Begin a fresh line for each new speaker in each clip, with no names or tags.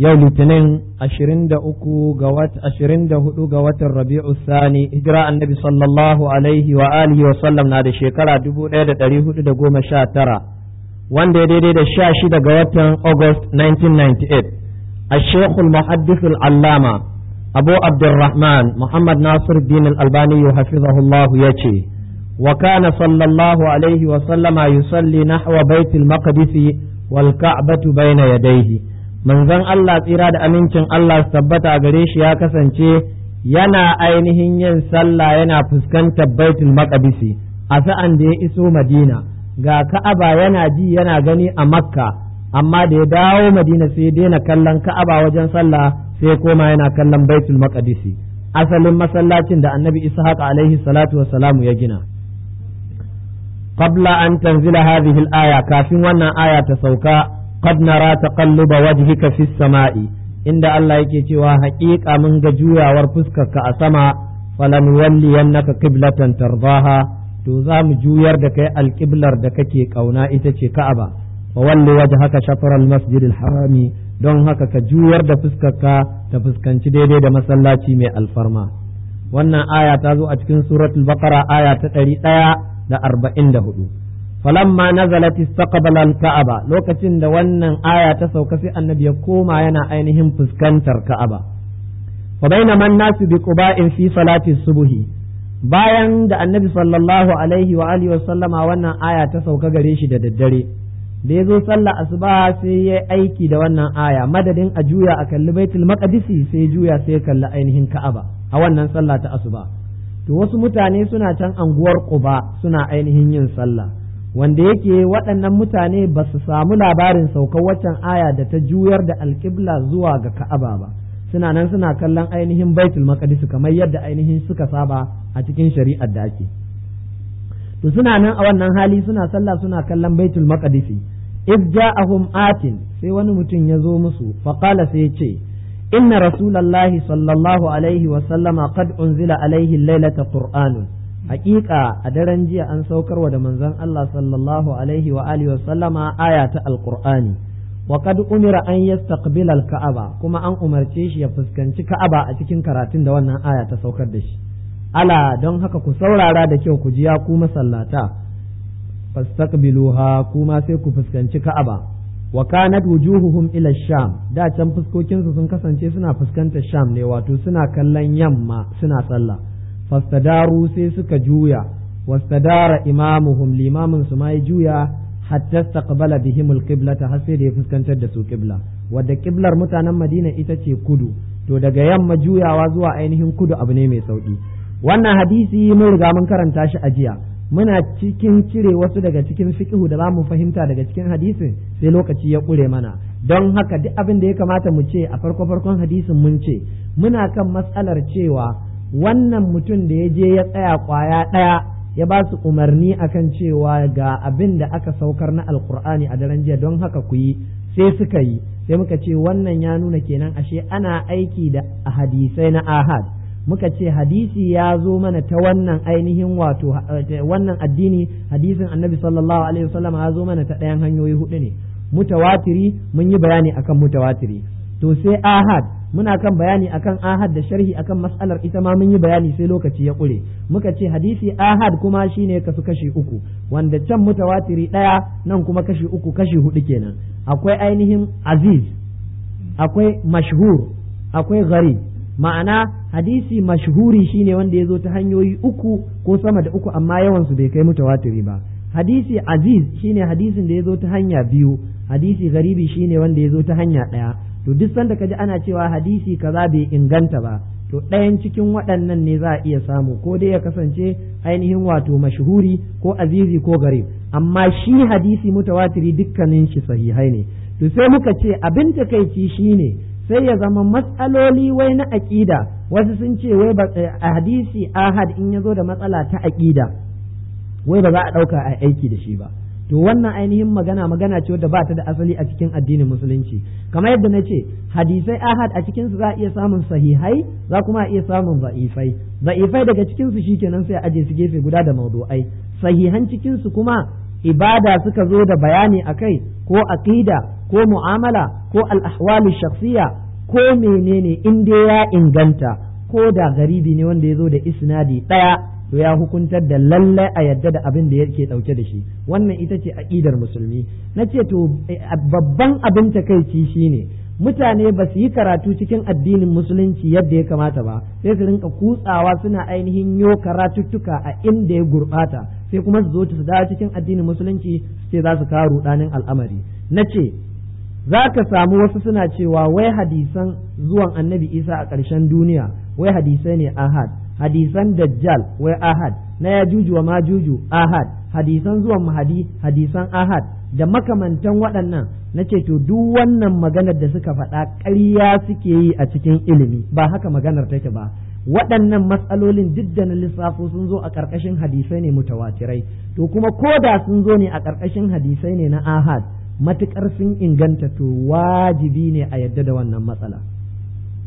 yau litinin 23 ga wat ga watan Rabi'u Sani hijira annabi sallallahu alaihi wa alihi wa sallam na da shekara tara. wanda ya daidai da shida ga watan August 1998 الشيخ المحدث العلامة أبو عبد الرحمن محمد ناصر الدين ya ce الله يجي وكان صلى الله عليه وسلم يصلي نحو بيت المقدس والكعبة بين يديه manzon Allah tsira da amincin Allah su tabbata gare shi ya kasance yana ainihin yin sallah yana fuskantar baitul maqdisi a sa'an da ya iso madina ga ka'aba yana ji yana gani a makka amma da ya dawo madina sai ya daina kallon ka'aba wajen sallah sai koma yana kallon baitul maqdisi asalin masallacin da annabi ishaq alaihi salatu wassalamu ya gina qabla an tanzila hadhihi al-aya kafin wannan aya ta sauka qad nara taqalluba wajhika fis sama'i inda Allah yake cewa haƙiƙa mun ga juyawar fuskarka a sama falan naka qiblatan tarbaha to za mu juyar da kai alƙiblar da kake ƙauna ita ce Ka'aba wa walli wajhaka shatr al-masjid al-harami don haka ka juyar da fuskarka ta fuskanci daidai da masallaci mai alfarma wannan aya ta zo a cikin suratul baqara aya ta ɗari ɗaya da arba'in da hudu فلما نزلت استقبل الكعبة kaaba lokacin da wannan aya ta sauka sai annabi ya koma yana ainihin fuskantar ka'aba wa bainama an-nasu bi quba'in fi salati subhi bayan da annabi sallallahu alaihi wa alihi wa wannan aya ta sauka gare shi da daddare da ya zo sallah asuba sai ya aiki da wannan aya madadin a juya a kalli baitul maqdisi sai juya sai ya kalli ainihin ka'aba a wannan sallah ta asuba to wasu mutane suna can anguwar quba suna ainihin yin sallah wanda yake waɗannan mutane ba su samu labarin saukar waccan aya da ta juyar da alƙibla zuwa ga ka'aba ba suna nan suna kallon ainihin baitul maqdis kamar yadda ainihin suka saba a cikin shari'ar da ake to suna nan a wannan hali suna sallah suna kallon baitul maqdis id ja'ahum atin sai wani mutum ya zo musu faqala sai ce inna rasulullahi sallallahu alaihi wa sallama qad unzila alaihi lailata qur'anun haƙiƙa a daren jiya an saukarwa da manzon Allah sallallahu alaihi wa alihi wasallama aya ta alqur'ani wa qad umira an yastaqbila alka'aba kuma an umarce shi ya fuskanci ka'aba a cikin karatun da wannan aya ta saukar da shi ala don haka ku saurara da kyau ku ji ya ku masallata fastaqbiluha kuma sai ku fuskanci ka'aba wa kanat wujuhuhum ila sham da can fuskokinsu sun kasance suna fuskantar sham ne wato suna kallon yamma suna sallah fastadaru sai suka juya wastadara imamuhum limamin su ma ya juya hatta taqbala bihim alqibla har sai da ya fuskantar da su qibla wadda qiblar mutanen Madina ita ce kudu to daga yamma juyawa zuwa ainihin kudu abu ne mai sauki wannan hadisi mun riga mun karanta shi a jiya muna cikin cire wasu daga cikin fiqhu da zamu fahimta daga cikin hadisin sai lokaci ya ƙure mana don haka duk abin da ya kamata mu ce a farko farkon hadisin mun ce muna kan matsalar cewa wannan mutum da ya je ya tsaya kwaya ɗaya ya ba su umarni akan cewa ga abin da aka saukar na alkur'ani a daren jiya don haka ku yi sai suka yi sai muka ce wannan ya nuna kenan ashe ana aiki da hadisai na ahad muka ce hadisi ya zo mana ta wannan ainihin wato eh, wannan addini hadisin annabi sallallahu alaihi wasallam ya zo mana ta ɗayan hanyoyi hudu ne mutawatiri mun yi bayani akan mutawatiri to sai ahad muna kan bayani akan ahad da sharhi akan mas'alar ita ma mun yi bayani sai lokaci ya kure muka ce hadisi ahad kuma shine kasu kashi uku wanda can mutawatiri daya nan kuma kashi uku kashi hudu kenan akwai ainihin aziz akwai mashhur akwai gari ma'ana hadisi mashhuri shine wanda ya zo ta hanyoyi uku ko sama da uku amma yawan su bai kai mutawatiri ba hadisi aziz shine hadisin da ya zo ta hanya biyu hadisi garibi shine wanda ya zo ta hanya daya. to duk sanda kaji ana cewa hadisi kaza bai inganta ba to ɗayan cikin waɗannan ne za a iya samu ko dai ya kasance ainihin wato mashuhuri ko azizi ko garib amma shi hadisi mutawatiri dukkanin shi sahihai ne to sai muka ce abin takaici ne sai ya zama matsaloli wai na aƙida wasu sun ce wai ba eh, hadisi ahad in ya zo da matsala ta aƙida wai ba za a ɗauka a aiki da shi ba to wannan ainihin magana magana ce wadda ba ta da asali a cikin addinin musulunci kamar yadda na ce hadisai ahad a cikinsu za a iya samun sahihai za kuma a iya samun za'ifai za'ifai daga cikin su kenan sai a aje su gefe guda da maudu'ai sahihan cikin su kuma ibada suka zo da bayani a kai ko aqida ko mu'amala ko al-ahwalu ko menene in ya inganta ko da garibi ne wanda ya zo da isnadi daya to ya hukuntar da lallai a yadda da abin da yake dauke da shi wannan ita ce aqidar musulmi nace to eh, babban abin takeici shine mutane ba su yi karatu cikin addinin musulunci yadda ya kamata ba sai su rinka kutsawa suna ainihin yo karatuttuka a inda ya gurbata sai kuma su zo su dawo cikin addinin musulunci sai za su karu rudanin al'amari nace za ka samu wasu suna cewa wai hadisan zuwan annabi isa a ƙarshen duniya wai hadisai ne ahad hadisan dajjal wai ahad na juju wa majuju ahad hadisan zuwan mahadi hadisan ahad da makamantan waɗannan na ce to duk wannan maganar da suka faɗa ƙarya suke yi a cikin ilimi ba haka maganar take ba waɗannan matsalolin duk da na lissafo sun zo a ƙarƙashin hadisai ne mutawatirai to kuma ko da sun zo ne a ƙarƙashin hadisai ne na ahad matukar sun inganta to wajibi ne a yadda da wannan matsala.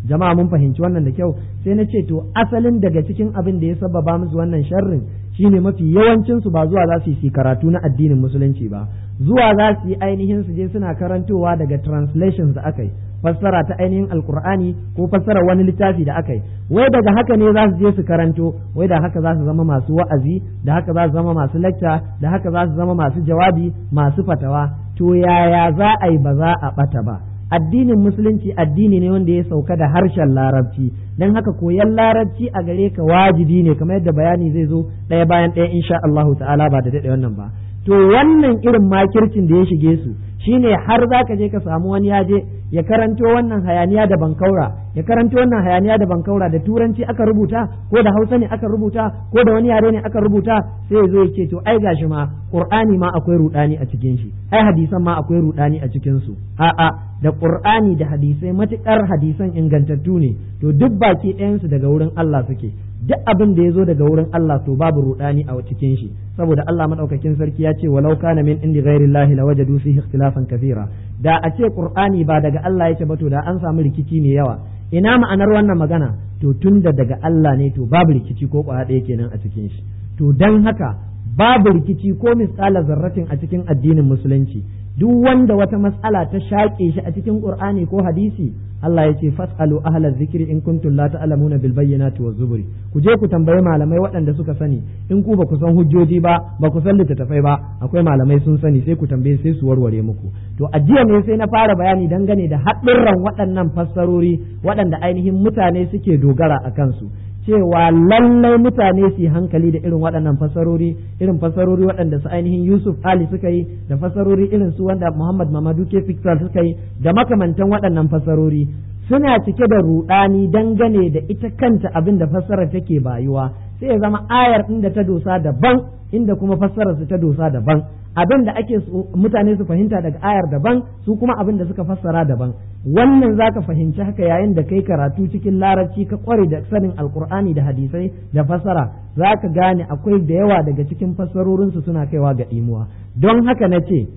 jama'a mun fahimci wannan da kyau sai na ce to asalin daga cikin abin da ya sababa musu wannan sharrin shine mafi yawancin su ba zuwa za su yi karatu na addinin musulunci ba zuwa za su yi ainihin su je suna karantowa daga translations da aka yi fassara ta ainihin alkur'ani ko fassara wani littafi da aka yi wai daga haka ne za su je su karanto wai da haka za su zama masu wa'azi da haka za su zama masu lacca da haka za su zama masu jawabi masu fatawa to yaya za a yi ba za a bata ba addinin musulunci addini ne wanda ya sauka da harshen larabci don haka koyan larabci a gare ka wajibi ne kamar yadda bayani zai zo ɗaya bayan ɗaya insha Allah ta'ala ba da daɗe wannan ba to wannan irin makircin da ya shige su Shi ne har za ka je ka samu wani ya je ya karanto wannan hayaniya da bankaura ya karanto wannan hayaniya da bankaura da turanci aka rubuta ko da hausa ne aka rubuta ko da wani yare ne aka rubuta sai ya zo ya ce to ai gashi ma qur'ani ma akwai rudani a cikin shi ai hadisan ma akwai rudani a cikin su a'a da qur'ani da hadisai matukar hadisan ingantattu ne to duk baki ɗayan su daga wurin Allah suke duk abin da ya zo daga wurin Allah to babu rudani a cikin shi saboda Allah madaukakin sarki ya ce walau kana min indi ghairi llahi lawajadu fihi ikhtilafan kathira da a ce qur'ani ba daga Allah yake ba to da an samu rikici ne yawa ina ma'anar wannan magana to tunda daga Allah ne to babu rikici ko kwa ɗaya kenan a cikin shi to dan haka babu rikici ko misala zarratin a cikin addinin musulunci duk wanda wata matsala ta shaƙe shi a cikin Qur'ani ko hadisi Allah ya ce fas'alu ahla zikri in kuntum la ta'lamuna bil bayyinati waz zuburi ku je ku tambayi malamai waɗanda suka sani in ku ba ku san hujjoji ba ba ku san littattafai ba akwai malamai sun sani sai ku tambaye sai su warware muku to a jiya ne sai na fara bayani dangane da haɗurran waɗannan fassarori waɗanda ainihin mutane suke dogara a kansu cewa lallai mutane su hankali da irin waɗannan fasarori irin fasarori waɗanda su ainihin Yusuf Ali suka yi da fasarori irin su wanda Muhammad Mamadu ke Fiksal suka yi da makamantan waɗannan fasarori suna cike da ruɗani dangane da ita kanta abin da fassarar take bayuwa sai ya zama ayar inda ta dosa daban inda kuma fassarar su ta dosa daban abin da ake mutane su fahimta daga ayar daban su kuma abin da suka fassara daban wannan zaka fahimci haka yayin da kai karatu cikin larabci ka kware da sanin alkur'ani da hadisai da fassara zaka gane akwai da yawa daga cikin fassarorin su suna kaiwa ga imuwa don haka na ce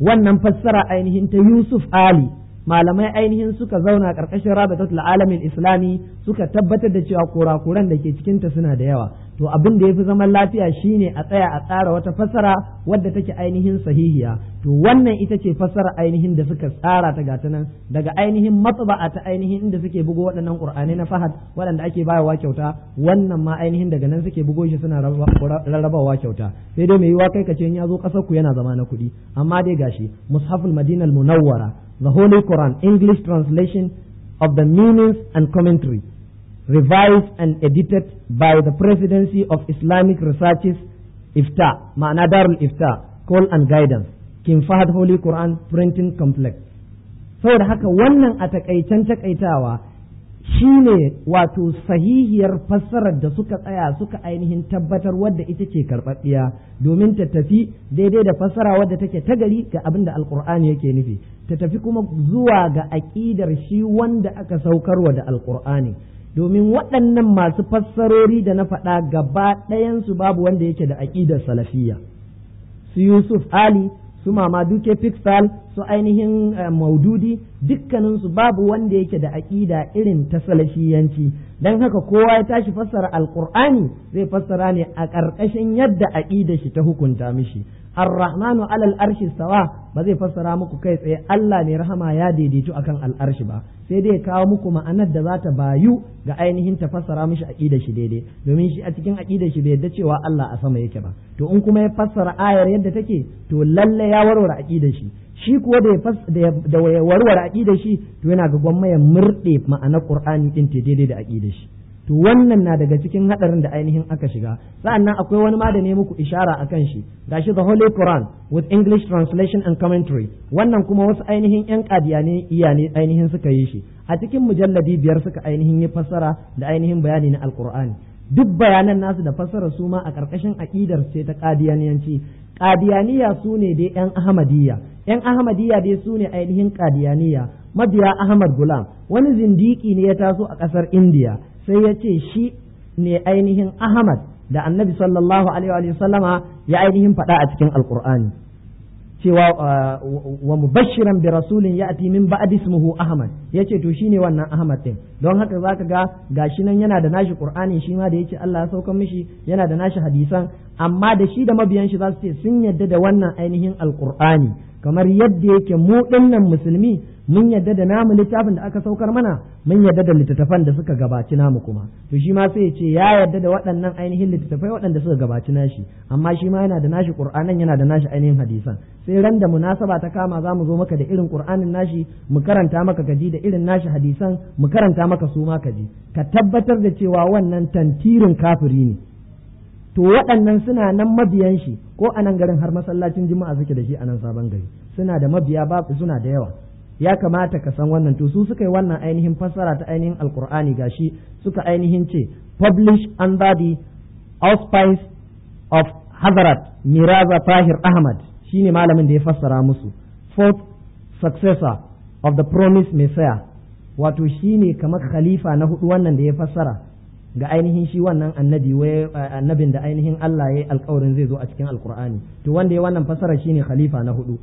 wannan fassara ainihin ta Yusuf Ali malamai ainihin suka zauna karkashin rabitatul alamin islami suka tabbatar da cewa kurakuran da ke cikin ta suna da yawa to abin da yafi zaman lafiya shine a tsaya a tsara wata fassara wadda take ainihin sahihiya to wannan ita ce fassara ainihin da suka tsara ta gata nan daga ainihin matsaba ta ainihin inda suke bugo waɗannan qur'anai na fahad waɗanda ake bayarwa kyauta wannan ma ainihin daga nan suke bugo shi suna rarrabawa kyauta sai dai mai yiwa kai ka in ya zo ƙasar ku yana zama na kuɗi amma dai gashi mushaful madinal munawwara The Holy Quran, English translation of the meanings and commentary, revised and edited by the Presidency of Islamic Researches, IFTA, Ma'ana Darul IFTA, Call and Guidance, Kim Fahad Holy Quran Printing Complex. Saboda haka wannan a takaicen takaitawa Shi ne wato sahihiyar fassarar da suka tsaya suka ainihin tabbatar wadda ita ce karɓaɓɓiya domin ta tafi daidai da fassara wadda take ta gari ga abin da alƙur'ani yake nufi ta tafi kuma zuwa ga aƙidar shi wanda aka saukarwa da alƙur'ani domin waɗannan masu fassarori da na faɗa gaba ɗayansu babu wanda yake da aƙidar salafiyya su yusuf ali su mama duke piksal su ainihin eh, maududi dukkanin su babu wanda yake da aƙida irin ta salafiyanci dan haka kowa ya tashi fassara alqur'ani zai fassara ne a ƙarƙashin yadda aƙida shi ta hukunta mishi ar-rahmanu alal arshi sawa ba zai fassara muku kai tsaye Allah ne rahama ya daidaitu akan al'arshi ba sai dai ya kawo muku ma'anar da za ta bayu ga ainihin ta mashi mishi aqidar shi daidai domin shi a cikin aqidar shi bai yadda cewa Allah a sama yake ba to in kuma ya fassara ayar yadda take to lallai ya warware aqidar shi shi kuwa da ya warware aqidar shi to yana ga gwamma ya murde ma'anar Qur'ani din ta daidai da aqidar shi to wannan na daga cikin hadarin da ainihin aka shiga sa'annan akwai wani ma da ne muku ishara akan shi gashi the holy quran with english translation and commentary wannan kuma wasu ainihin yan kadiyani iyane ainihin suka yi shi a cikin mujalladi biyar suka ainihin yi fassara da ainihin bayani na alqur'ani duk bayanan nasu da fassara su ma a karkashin aqidar ce ta kadiyaniyanci kadiyaniya su ne dai yan ahmadiyya yan ahmadiyya dai su ne ainihin kadiyaniya mabiya ahmad gulam wani zindiki ne ya taso a kasar indiya sai ya ce shi ne ainihin Ahmad da annabi sallallahu alaihi wa sallama ya ainihin faɗa a cikin alkur'ani cewa uh, wa mubashiran bi rasulin ya'ti min ba'di ismihi ahmad yace to shine wannan ahmad din don haka zaka ga gashi nan yana da nashi qur'ani shi ma da yace Allah ya sauka mishi yana da nashi hadisan amma da shi da mabiyan shi za su ce sun yadda da wannan ainihin alkur'ani kamar yadda yake mu dinnan musulmi mun yadda da namu littafin da aka saukar mana mun yadda da littattafan da suka gabaci namu kuma to shi ma sai ya ce ya yadda da waɗannan ainihin littattafai waɗanda suka gabaci nashi amma shi ma yana da nashi qur'anin yana da nashi ainihin hadisan sai ran da munasaba ta kama za mu zo maka da irin qur'anin nashi mu karanta maka kaji da irin nashi hadisan mu karanta maka su ma kaji ka tabbatar da cewa wannan tantirin kafiri ne to waɗannan suna nan mabiyan shi ko a nan garin har masallacin juma'a suke da shi a nan sabon gari suna da mabiya ba suna da yawa ya kamata ka san wannan to su suka yi wannan ainihin fassara ta ainihin alkur'ani gashi suka ainihin ce publish under the auspice of Hazrat Miraza Tahir Ahmad shine malamin da ya fassara musu fourth successor of the promised messiah wato shine kamar khalifa na hudu wannan da ya fassara ga ainihin shi wannan annabi eh, annabin da ainihin Allah ya yi alkawarin zai zo a cikin alkur'ani to wanda ya wannan fasara shine khalifa na hudu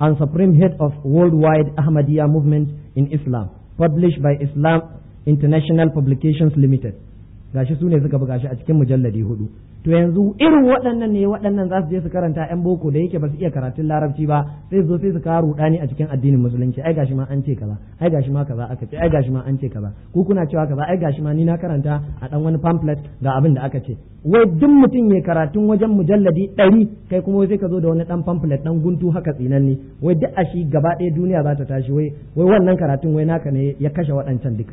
and supreme head of worldwide Ahmadiyya movement in Islam, published by Islam International Publications Limited. Gashi su ne suka buga shi a cikin mujalladi hudu. to yanzu irin waɗannan ne waɗannan za su je su karanta yan boko da yake ba su iya karatun larabci ba sai zo sai su kawo rudani a cikin addinin musulunci ai gashi ma an ce kaza ai gashi ma kaza aka ce ai gashi ma an ce kaza ku kuna cewa kaza ai gashi ma ni na karanta a dan wani pamphlet ga abin da aka ce wai duk mutum ya karatun wajen mujalladi ɗari kai kuma sai ka zo da wani dan pamphlet dan guntu haka tsinanni wai duk a shi gaba ɗaya duniya za ta tashi wai wai wannan karatun wai naka ne ya kashe waɗancan duka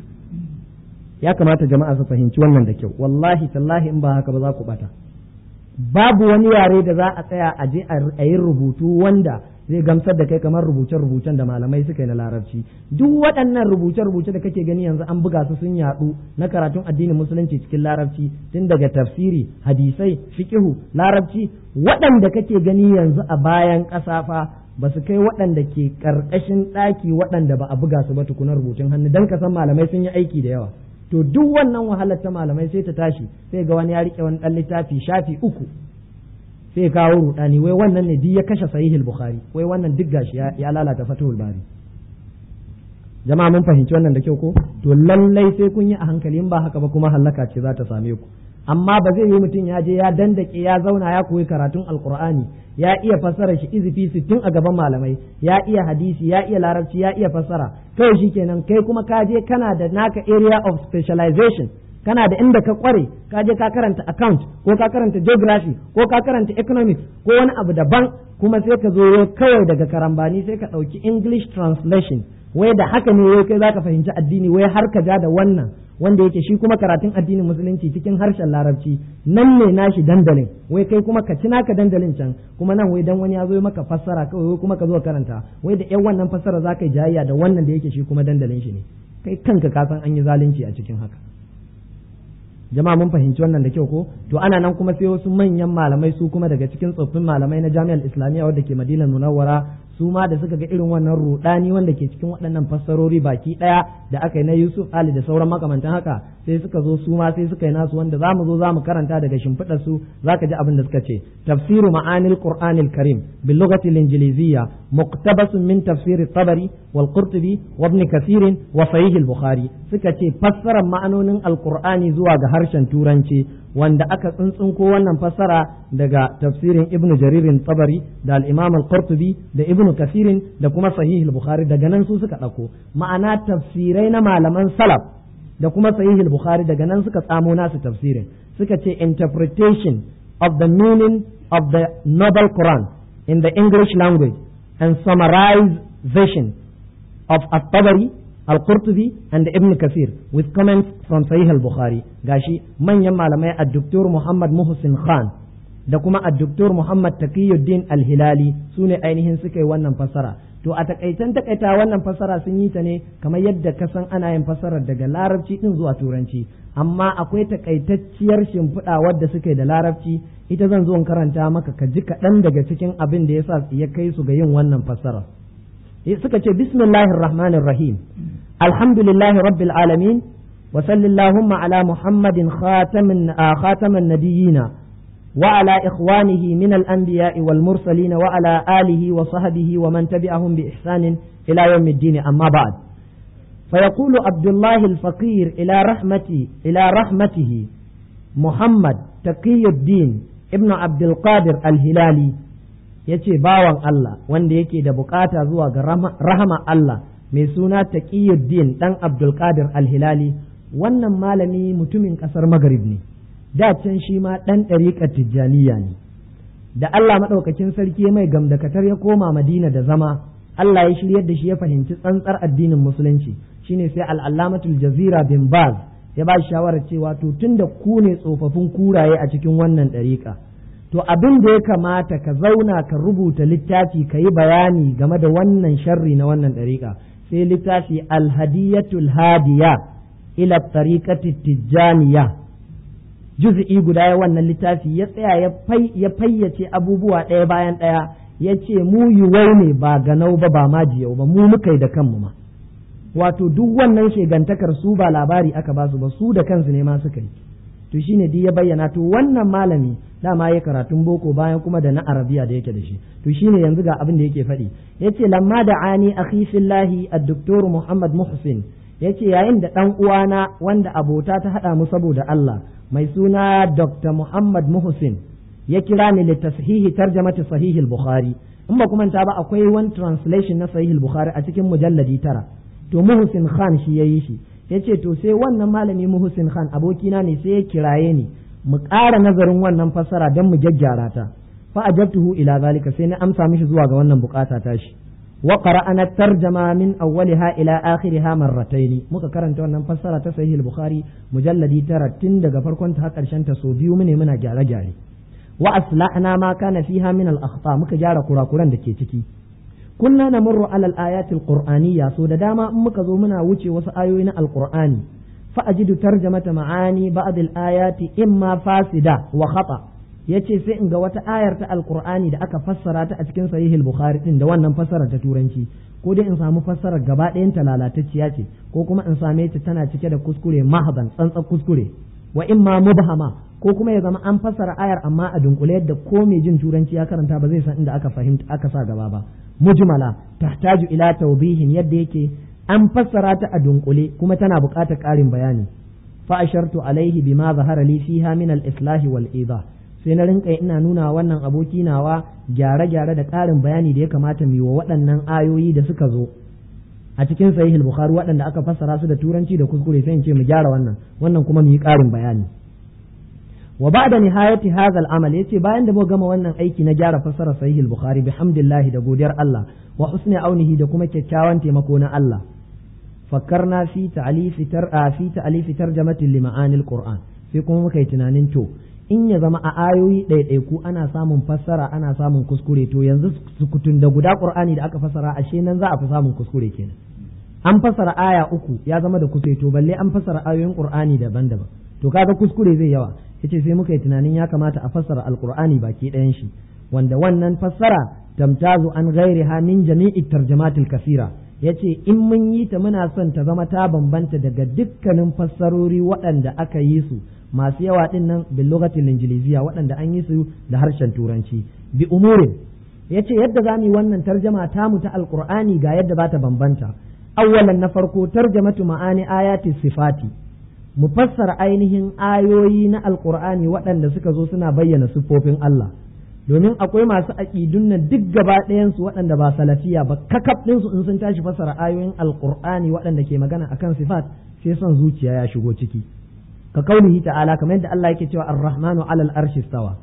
ya kamata jama'a su fahimci wannan da kyau wallahi tallahi in ba haka ba za ku bata babu wani yare da za a tsaya a je a yi rubutu wanda zai gamsar da kai kamar rubuce-rubucen da malamai suka yi na larabci duk waɗannan rubuce-rubuce da kake gani yanzu an buga su sun yaɗu na karatun addinin musulunci cikin larabci tun daga tafsiri hadisai fikihu larabci waɗanda kake gani yanzu a bayan ƙasa fa ba su kai waɗanda ke ƙarƙashin ɗaki waɗanda ba a buga su ba tukunan rubutun hannu don ka san malamai sun yi aiki da yawa to duk wannan wahalar ta malamai sai ta tashi sai ga wani ya rike wani dan littafi shafi uku sai kawo rudani wai wannan ne duk ya kashe sahihul bukhari wai wannan duk gashi ya lalata fatul bari jama'a mun fahimci wannan da kyau ko to lallai sai kun yi a hankali in ba haka ba kuma hallaka ce za ta same ku amma ba zai yi mutum ya je ya dandake ya zauna ya koyi karatun alkur'ani ya iya fassara shi izifi sittin a gaban malamai ya iya hadisi ya iya larabci ya iya fassara kai shi kenan kai kuma ka je kana da naka area of specialization kana da inda ka kware ka je ka karanta account ko ka karanta geography ko ka karanta economics ko wani abu daban kuma sai ka zo kawai daga karambani sai ka ɗauki english translation wai da haka ne wai kai zaka fahimci addini wai har ka ja da wannan wanda yake shi kuma karatun addinin musulunci cikin harshen larabci nan ne nashi dandalin wai kai kuma ka ci naka dandalin can kuma nan wai dan wani ya zo maka fassara kawai wai kuma ka zo karanta wai da yan wannan fassara za ka yi jayayya da wannan da yake shi kuma dandalin shi ne kai kanka ka san an yi zalunci a cikin haka jama'a mun fahimci wannan da kyau ko to ana nan kuma sai wasu manyan malamai su kuma daga cikin tsoffin malamai na jami'ar islamiyya wadda ke madinar munawwara su ma da suka ga irin wannan rudani wanda ke cikin waɗannan fassarori baki ɗaya da aka yi na Yusuf Ali da sauran makamantan haka sai suka zo su ma sai suka yi nasu wanda zamu zo zamu karanta daga shimfiɗar su zaka ji abin da suka ce tafsiru ma'anil qur'anil karim bil lughati al muqtabasun min tafsir tabari wal qurtubi wa ibn kathir wa sahih al bukhari suka ce fassarar ma'anonin al qur'ani zuwa ga harshen turanci wanda aka tsuntsunko wannan fassara daga tafsirin ibnu jaririn Tsabari da al-imam al-qurtubi da ibnu kasirin da kuma sahih bukhari daga nan su suka dauko ma'ana tafsirai na malaman salaf da kuma sahih bukhari daga nan suka tsamo nasu tafsirin suka ce interpretation of the meaning of the noble quran in the english language and summarization of at-tabari القرطبي عند and Ibn with comments from صحيح البخاري غاشي من manyan malamai a duktur Muhammad Muhsin Khan da kuma Ad-Duktur Muhammad Taqiyuddin Al-Hilali sune ainihin suka yi wannan fassara to a takaitan takaita wannan fassara sun yi ta ne kamar yadda ka san ana yin fassarar daga larabci din zuwa turanci amma akwai takaitacciyar shimfiɗa wadda suke da larabci ita zan zo in karanta maka ka ji kaɗan daga cikin abin da ya sa ya kai su ga yin wannan fassara suka ce bismillahir rahmanir rahim alhamdulillahi rabbil alamin wa sallallahu ala muhammadin khatamin khataman ah, nabiyina wa ala ikhwanihi min al anbiya'i wal mursalin wa ala alihi wa sahbihi wa man tabi'ahum bi ihsanin ila yawmiddin amma ba'd فيقول عبد الله الفقير إلى رحمتي إلى رحمته محمد تقي الدين ابن عبد القادر الهلالي yace bawan Allah wanda yake da bukata zuwa ga rahama Allah mai suna Taqiyuddin dan Abdul Qadir Al-Hilali wannan malami mutumin kasar Maghrib ne da can shi ma dan ɗariƙar Tijjaniya ne da Allah maɗaukakin sarki mai gamdakatar ya koma Madina da zama Allah ya shiryar da shi ya fahimci tsantsar addinin musulunci shine sai al Al-Allamatul jazira bin baz ya ba shawarar cewa to tunda ku ne tsofaffin kuraye a cikin wannan ɗariƙa to abin da ya kamata ka zauna ka rubuta littafi ka yi bayani game da wannan sharri na wannan ɗariƙa sai littafi alhadiyatul hadiya ila tariqati tijjaniya juz'i guda ya wannan littafi ya tsaya ya fayyace abubuwa ɗaya bayan ɗaya ya ce mu yiwai ne ba ganau ba ba jiyau ba mu muka yi da kanmu ma wato duk wannan shegantakar su ba labari aka ba su ba su da kansu ne ma suka to shine duk ya bayyana to wannan malami dama ya karatun boko bayan kuma da na arabiya da yake da shi to ne yanzu ga abin da yake faɗi yace lamma da ani a fillahi a doktor Muhammad Muhsin yace yayin da dan uwana wanda abota ta haɗa mu saboda Allah mai suna Dr. Muhammad Muhsin ya kira ni litashihi tarjamati sahihil al-Bukhari in ba kuma ta ba akwai wani translation na sahihil al-Bukhari a cikin mujalladi tara to Muhsin Khan shi ya yi shi ya ce to sai wannan malami muhusin khan abokina ne sai ya kiraye ni mu ƙara nazarin wannan fassara don mu gyaggyara ta fa ajabtuhu ila zalika sai na amsa mishi zuwa ga wannan bukata ta shi wa qara'ana tarjama min awwaliha ila akhiriha marratayn muka karanta wannan fassara ta sahih al-bukhari mujalladi tara tun daga farkon ta har karshen ta so biyu mune muna gyare gyare wa aslahna ma kana fiha min al-akhta muka gyara kurakuran da ke ciki kunna murro alal ayatil qur'aniyya so da dama in muka zo muna wuce wasu ayoyi na alqur'ani fa ajidu tarjamata ma'ani ba'd ayati imma fasida wa yace sai in ga wata ayar ta alqur'ani da aka fassara ta a cikin sahihul bukhari din da wannan fassara ta turanci ko dai in samu fassarar gaba ɗayan ta lalatacciya ce ko kuma in same ta tana cike da kuskure mahadan tsantsar kuskure wa ma mubhama ko kuma ya zama an fassara ayar amma a dunkule yadda ko mai jin turanci ya karanta ba zai san inda aka fahimta aka sa gaba ba mujmala tahtaju ila tawbihin yadda yake an fassara ta a dunkule kuma tana buƙatar ƙarin bayani fa ashartu alaihi bima zahara li fiha min al wal idah sai na rinka ina nuna wannan aboki nawa gyare-gyare da ƙarin bayani da ya kamata mu yi wa waɗannan ayoyi da suka zo a cikin sahihul bukhari waɗanda aka fassara su da turanci da kuskure sai in ce mu gyara wannan wannan kuma mu yi ƙarin bayani wa ba'da nihayati hadha al-amal yace bayan da muka gama wannan aiki na gyara fassara sahih al-bukhari bihamdillah da godiyar Allah wa husni aunihi da kuma kyakkyawan taimako na Allah fakkarna fi ta'alifi tar'a fi ta'alifi tarjamatin li ma'anil qur'an sai kuma muka yi tunanin to in ya zama a ayoyi ɗaiɗaiku ana samun fassara ana samun kuskure to yanzu sukutun da guda qur'ani da aka fassara ashe nan za a fi samun kuskure kenan an fassara aya uku ya zama da kuskure to balle an fassara ayoyin qur'ani daban-daban to kaga kuskure zai yawa yace sai muka yi tunanin ya kamata a fassara alqur'ani baki ɗayan shi wanda wannan fassara tamtazu an ghairiha min jami'i tarjumatil kasira yace in mun yi ta muna son ta zama ta bambanta daga dukkanin fassarori waɗanda aka yi su masu yawa din nan bil lugatil injiliziya waɗanda an yi su da harshen turanci bi umurin yace yadda za mu wannan tarjama mu ta alqur'ani ga yadda ba ta bambanta awwalan na farko tarjamatu ma'ani ayati sifati mu fassara ainihin ayoyi na alkur'ani waɗanda suka zo suna bayyana siffofin Allah domin akwai masu aƙidun nan duk gaba ɗayansu waɗanda ba salafiya ba kakaf ɗinsu in sun tashi fassara ayoyin alkur'ani waɗanda ke magana akan sifat sai son zuciya ya shigo ciki ka kaunihi ta'ala kamar yadda Allah yake cewa arrahmanu alal arshi stawa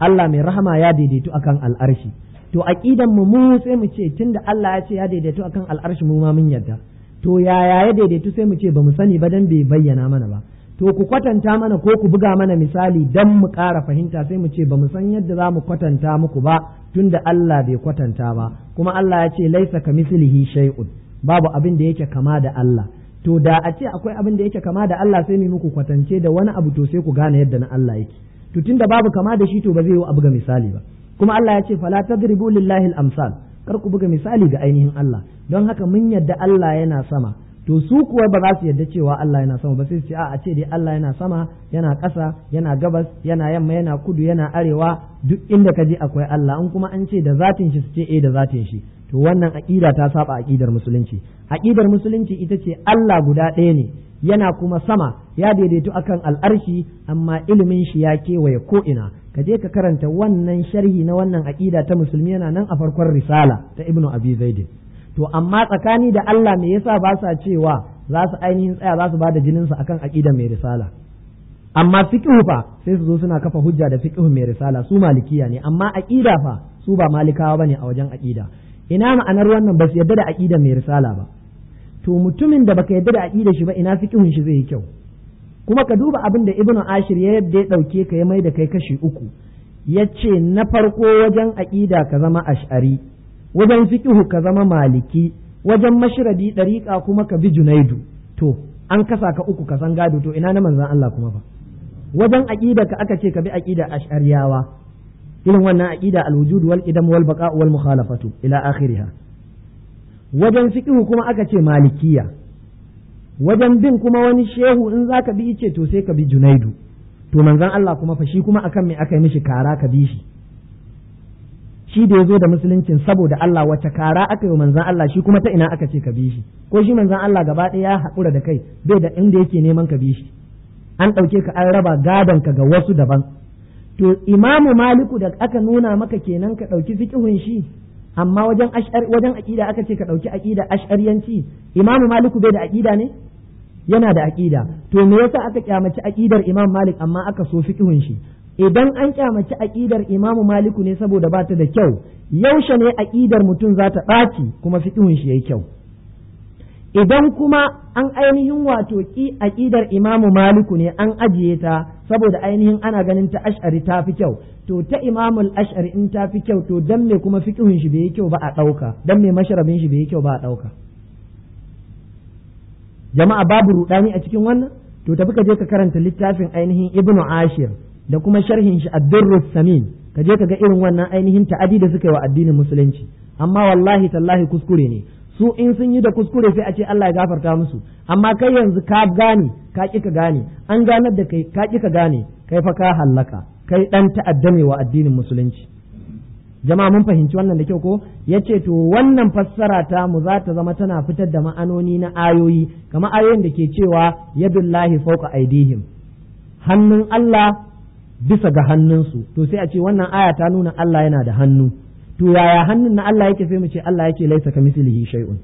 Allah mai rahama ya daidaitu akan al'arshi to aqidan mu mu sai mu ce tunda Allah ya ce ya daidaitu akan al'arshi mu ma mun yadda. to yaya ya daidaitu sai mu ce ba mu sani ba dan bai bayyana mana ba to ku kwatanta mana ko ku buga mana misali dan mu ƙara fahimta sai mu ce ba mu san yadda za mu kwatanta muku ba tunda Allah bai kwatanta ba kuma Allah ya ce laisa ka mislihi shay'un babu abin da yake kama da Allah to da a ce akwai abin da yake kama da Allah sai mu muku kwatance da wani abu to sai ku gane yadda na Allah yake to tunda babu kama da shi to ba zai yi abu ga misali ba kuma Allah ya ce fala tadribu lillahi al-amsal kar ku buga misali ga ainihin Allah don haka mun yadda Allah yana sama to su kuwa ba za su yadda cewa Allah yana sama ba sai su ce a ce dai Allah yana sama yana ƙasa yana gabas yana yamma yana kudu yana arewa duk inda ka je akwai Allah in kuma an ce da zatin shi su ce eh da zatin shi to wannan aqida ta saba aqidar musulunci aqidar musulunci ita ce Allah guda ɗaya ne yana kuma sama ya daidaitu akan al'arshi amma ilimin shi ya kewaye ko ina ka je ka karanta wannan sharhi na wannan aqida ta musulmi yana nan a farkon risala ta ibnu abi zaid to amma tsakani da Allah me yasa ba sa cewa za su ainihin tsaya za su bada jinin su akan aƙida mai risala amma fiqh fa sai su zo suna kafa hujja da fiqh mai risala su malikiya ne amma aqida fa su ba malikawa bane a wajen aqida ina ma'anar wannan ba su yadda da aqida mai risala ba to mutumin da baka yadda da aqida shi ba ina fiqhun shi zai yi kyau kuma ka duba abin da ibnu ashir ya yadda ya ɗauke ka ya mai da kai kashi uku yace na farko wajen aƙida ka zama ash'ari wajen fiqhu ka zama maliki wajen mashradi dariqa kuma ka bi junaidu to an kasa ka uku ka san gado to ina na manzon Allah kuma ba wajen aqida ka aka ce ka bi aqida ash'ariyawa irin wannan aqida al-wujud wal idam wal baqa wal mukhalafatu ila akhiriha wajen fiqh kuma aka ce malikiya wajen bin kuma wani shehu in zaka bi ice to sai ka bi junaidu to manzon Allah kuma fa shi kuma akan me aka yi mishi kara ka bi shi shi da ya zo da musuluncin saboda Allah wace kara aka yi manzan Allah shi kuma ta ina aka ce ka bi shi ko shi manzan Allah gaba ɗaya ya haƙura da kai bai da inda yake neman ka bi shi an ɗauke ka an raba gadon ka ga wasu daban to imamu maliku da aka nuna maka kenan ka ɗauki fiƙihun shi amma wajen ashar wajen aƙida aka ce ka ɗauki aƙida ash'ariyanci imamu maliku bai da aƙida ne yana da aƙida to me yasa aka kyamaci aƙidar imamu malik amma aka so fiƙihun shi idan an kyamaci aƙidar imamu maliku ne saboda bata da kyau yaushe ne aƙidar mutum za ta ɓaci kuma fiƙihun shi yayi kyau idan kuma an ainihin wato ki aqidar imamu maliku ne an ajiye ta saboda ainihin ana ganin ta ash'ari ta fi kyau to ta imamul ash'ari in ta fi kyau to dan me kuma fiqhun shi bai kyau ba a dauka dan me masharabin shi bai kyau ba a dauka jama'a babu rudani a cikin wannan to tafi ka je ka karanta littafin ainihin ibnu ashir da kuma sharhin shi ad-durrus samin ka je ka ga irin wannan ainihin ta'adi da suka yi wa addinin musulunci amma wallahi tallahi kuskure ne su in sun yi da kuskure sai a ce Allah ya gafarta musu amma kai yanzu ka gane ka ki gane an ganar da kai ka ki gane kai fa ka hallaka kai dan ta'adda wa addinin musulunci jama'a mun fahimci wannan da kyau ko yace to wannan fassara ta mu za ta zama tana fitar da ma'anoni na ayoyi kamar ayoyin da ke cewa yadullahi fawqa aidihim hannun Allah bisa ga hannunsu to sai a ce wannan aya ta nuna Allah yana da hannu to yaya hannun na Allah yake sai mu ce Allah yake laisa ka mislihi shay'un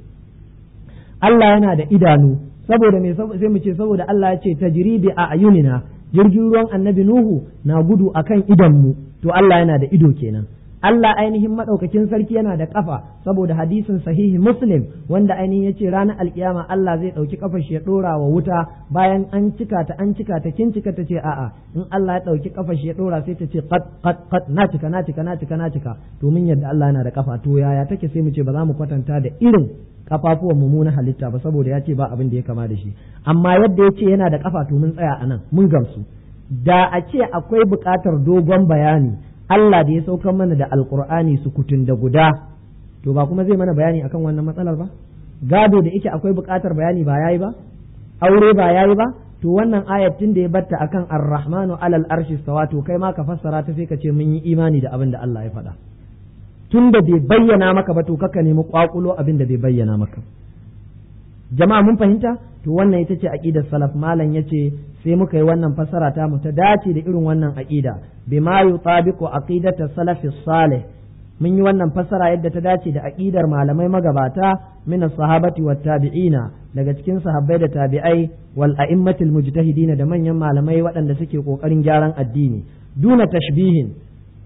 Allah yana da idanu saboda me sai mu ce saboda Allah ya ce tajribi a ayunina jirgin ruwan annabi nuhu na gudu akan idan mu to Allah yana da ido kenan Allah ainihin madaukakin sarki yana da kafa saboda hadisin sahihi Muslim wanda ainihin yace ranar alkiyama Allah zai dauki kafar shi ya dora wa wuta bayan an cika ta an cika ta kin cika ta ce a'a in Allah ya dauki kafar shi ya dora sai ta ce qat qat qat na cika na cika na cika na cika to mun yadda Allah yana da kafa to yaya take sai mu ce ba za mu kwatanta da irin kafafuwan mu na halitta ba saboda ya ce ba abin da ya kama da shi amma yadda ya ce yana da kafa to mun tsaya nan mun gamsu da a ce akwai buƙatar dogon bayani Allah da ya sauka mana da alkur'ani kutun da guda to ba kuma zai mana bayani akan wannan matsalar ba gado da yake akwai buƙatar bayani ba yayi ba aure ba yayi ba to wannan ayat tun da ya batta akan ar-rahmanu alal arshi stawa to kai ma ka fassara ta sai ka ce mun yi imani da abin da Allah ya faɗa tun da bai bayyana maka ba to kaka nemi kwakulo abin da bai bayyana maka jama'a mun fahimta to wannan ita ce aqidar salaf malam ya ce. sai muka yi wannan fasara ta mu ta dace da irin wannan aqida bima yutabiqu aqidata salafi salih mun yi wannan fasara yadda ta dace da aqidar malamai magabata min sahabati wat tabi'ina daga cikin sahabbai da tabi'ai wal a'immatul mujtahidin da manyan malamai waɗanda suke kokarin gyaran addini duna tashbihin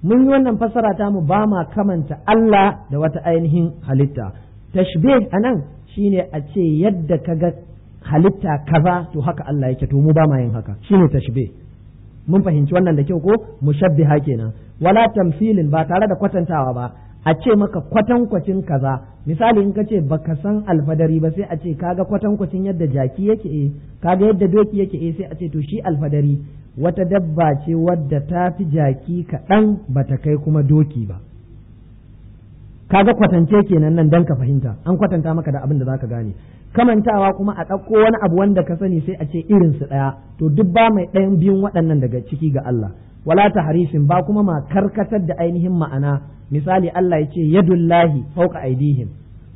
mun yi wannan fasara ta mu ba ma kamanta Allah da wata ainihin halitta tashbih anan shine a ce yadda kaga halitta kaza to haka Allah yake to mu ba ma yin haka shine tashbih mun fahimci wannan da kyau ko mushabbiha kenan wala tamthilin ba tare da kwatantawa ba a ce maka kwatankwacin kaza misali in ka ce baka san alfadari ba sai a ce kaga kwatankwacin yadda jaki yake eh kaga yadda doki yake eh sai a ce to shi alfadari wata dabba ce wadda ta fi jaki kaɗan bata kai kuma doki ba kaga kwatance kenan nan dan ka fahimta an kwatanta maka da abin da zaka gane kamantawa kuma a ɗauko wani abu wanda ka sani sai a ce irin su ɗaya to duk ba mai ɗayan biyun waɗannan daga ciki ga Allah wala ta harifin ba kuma ma karkatar da ainihin ma'ana misali Allah ya ce yadullahi fauka aidihim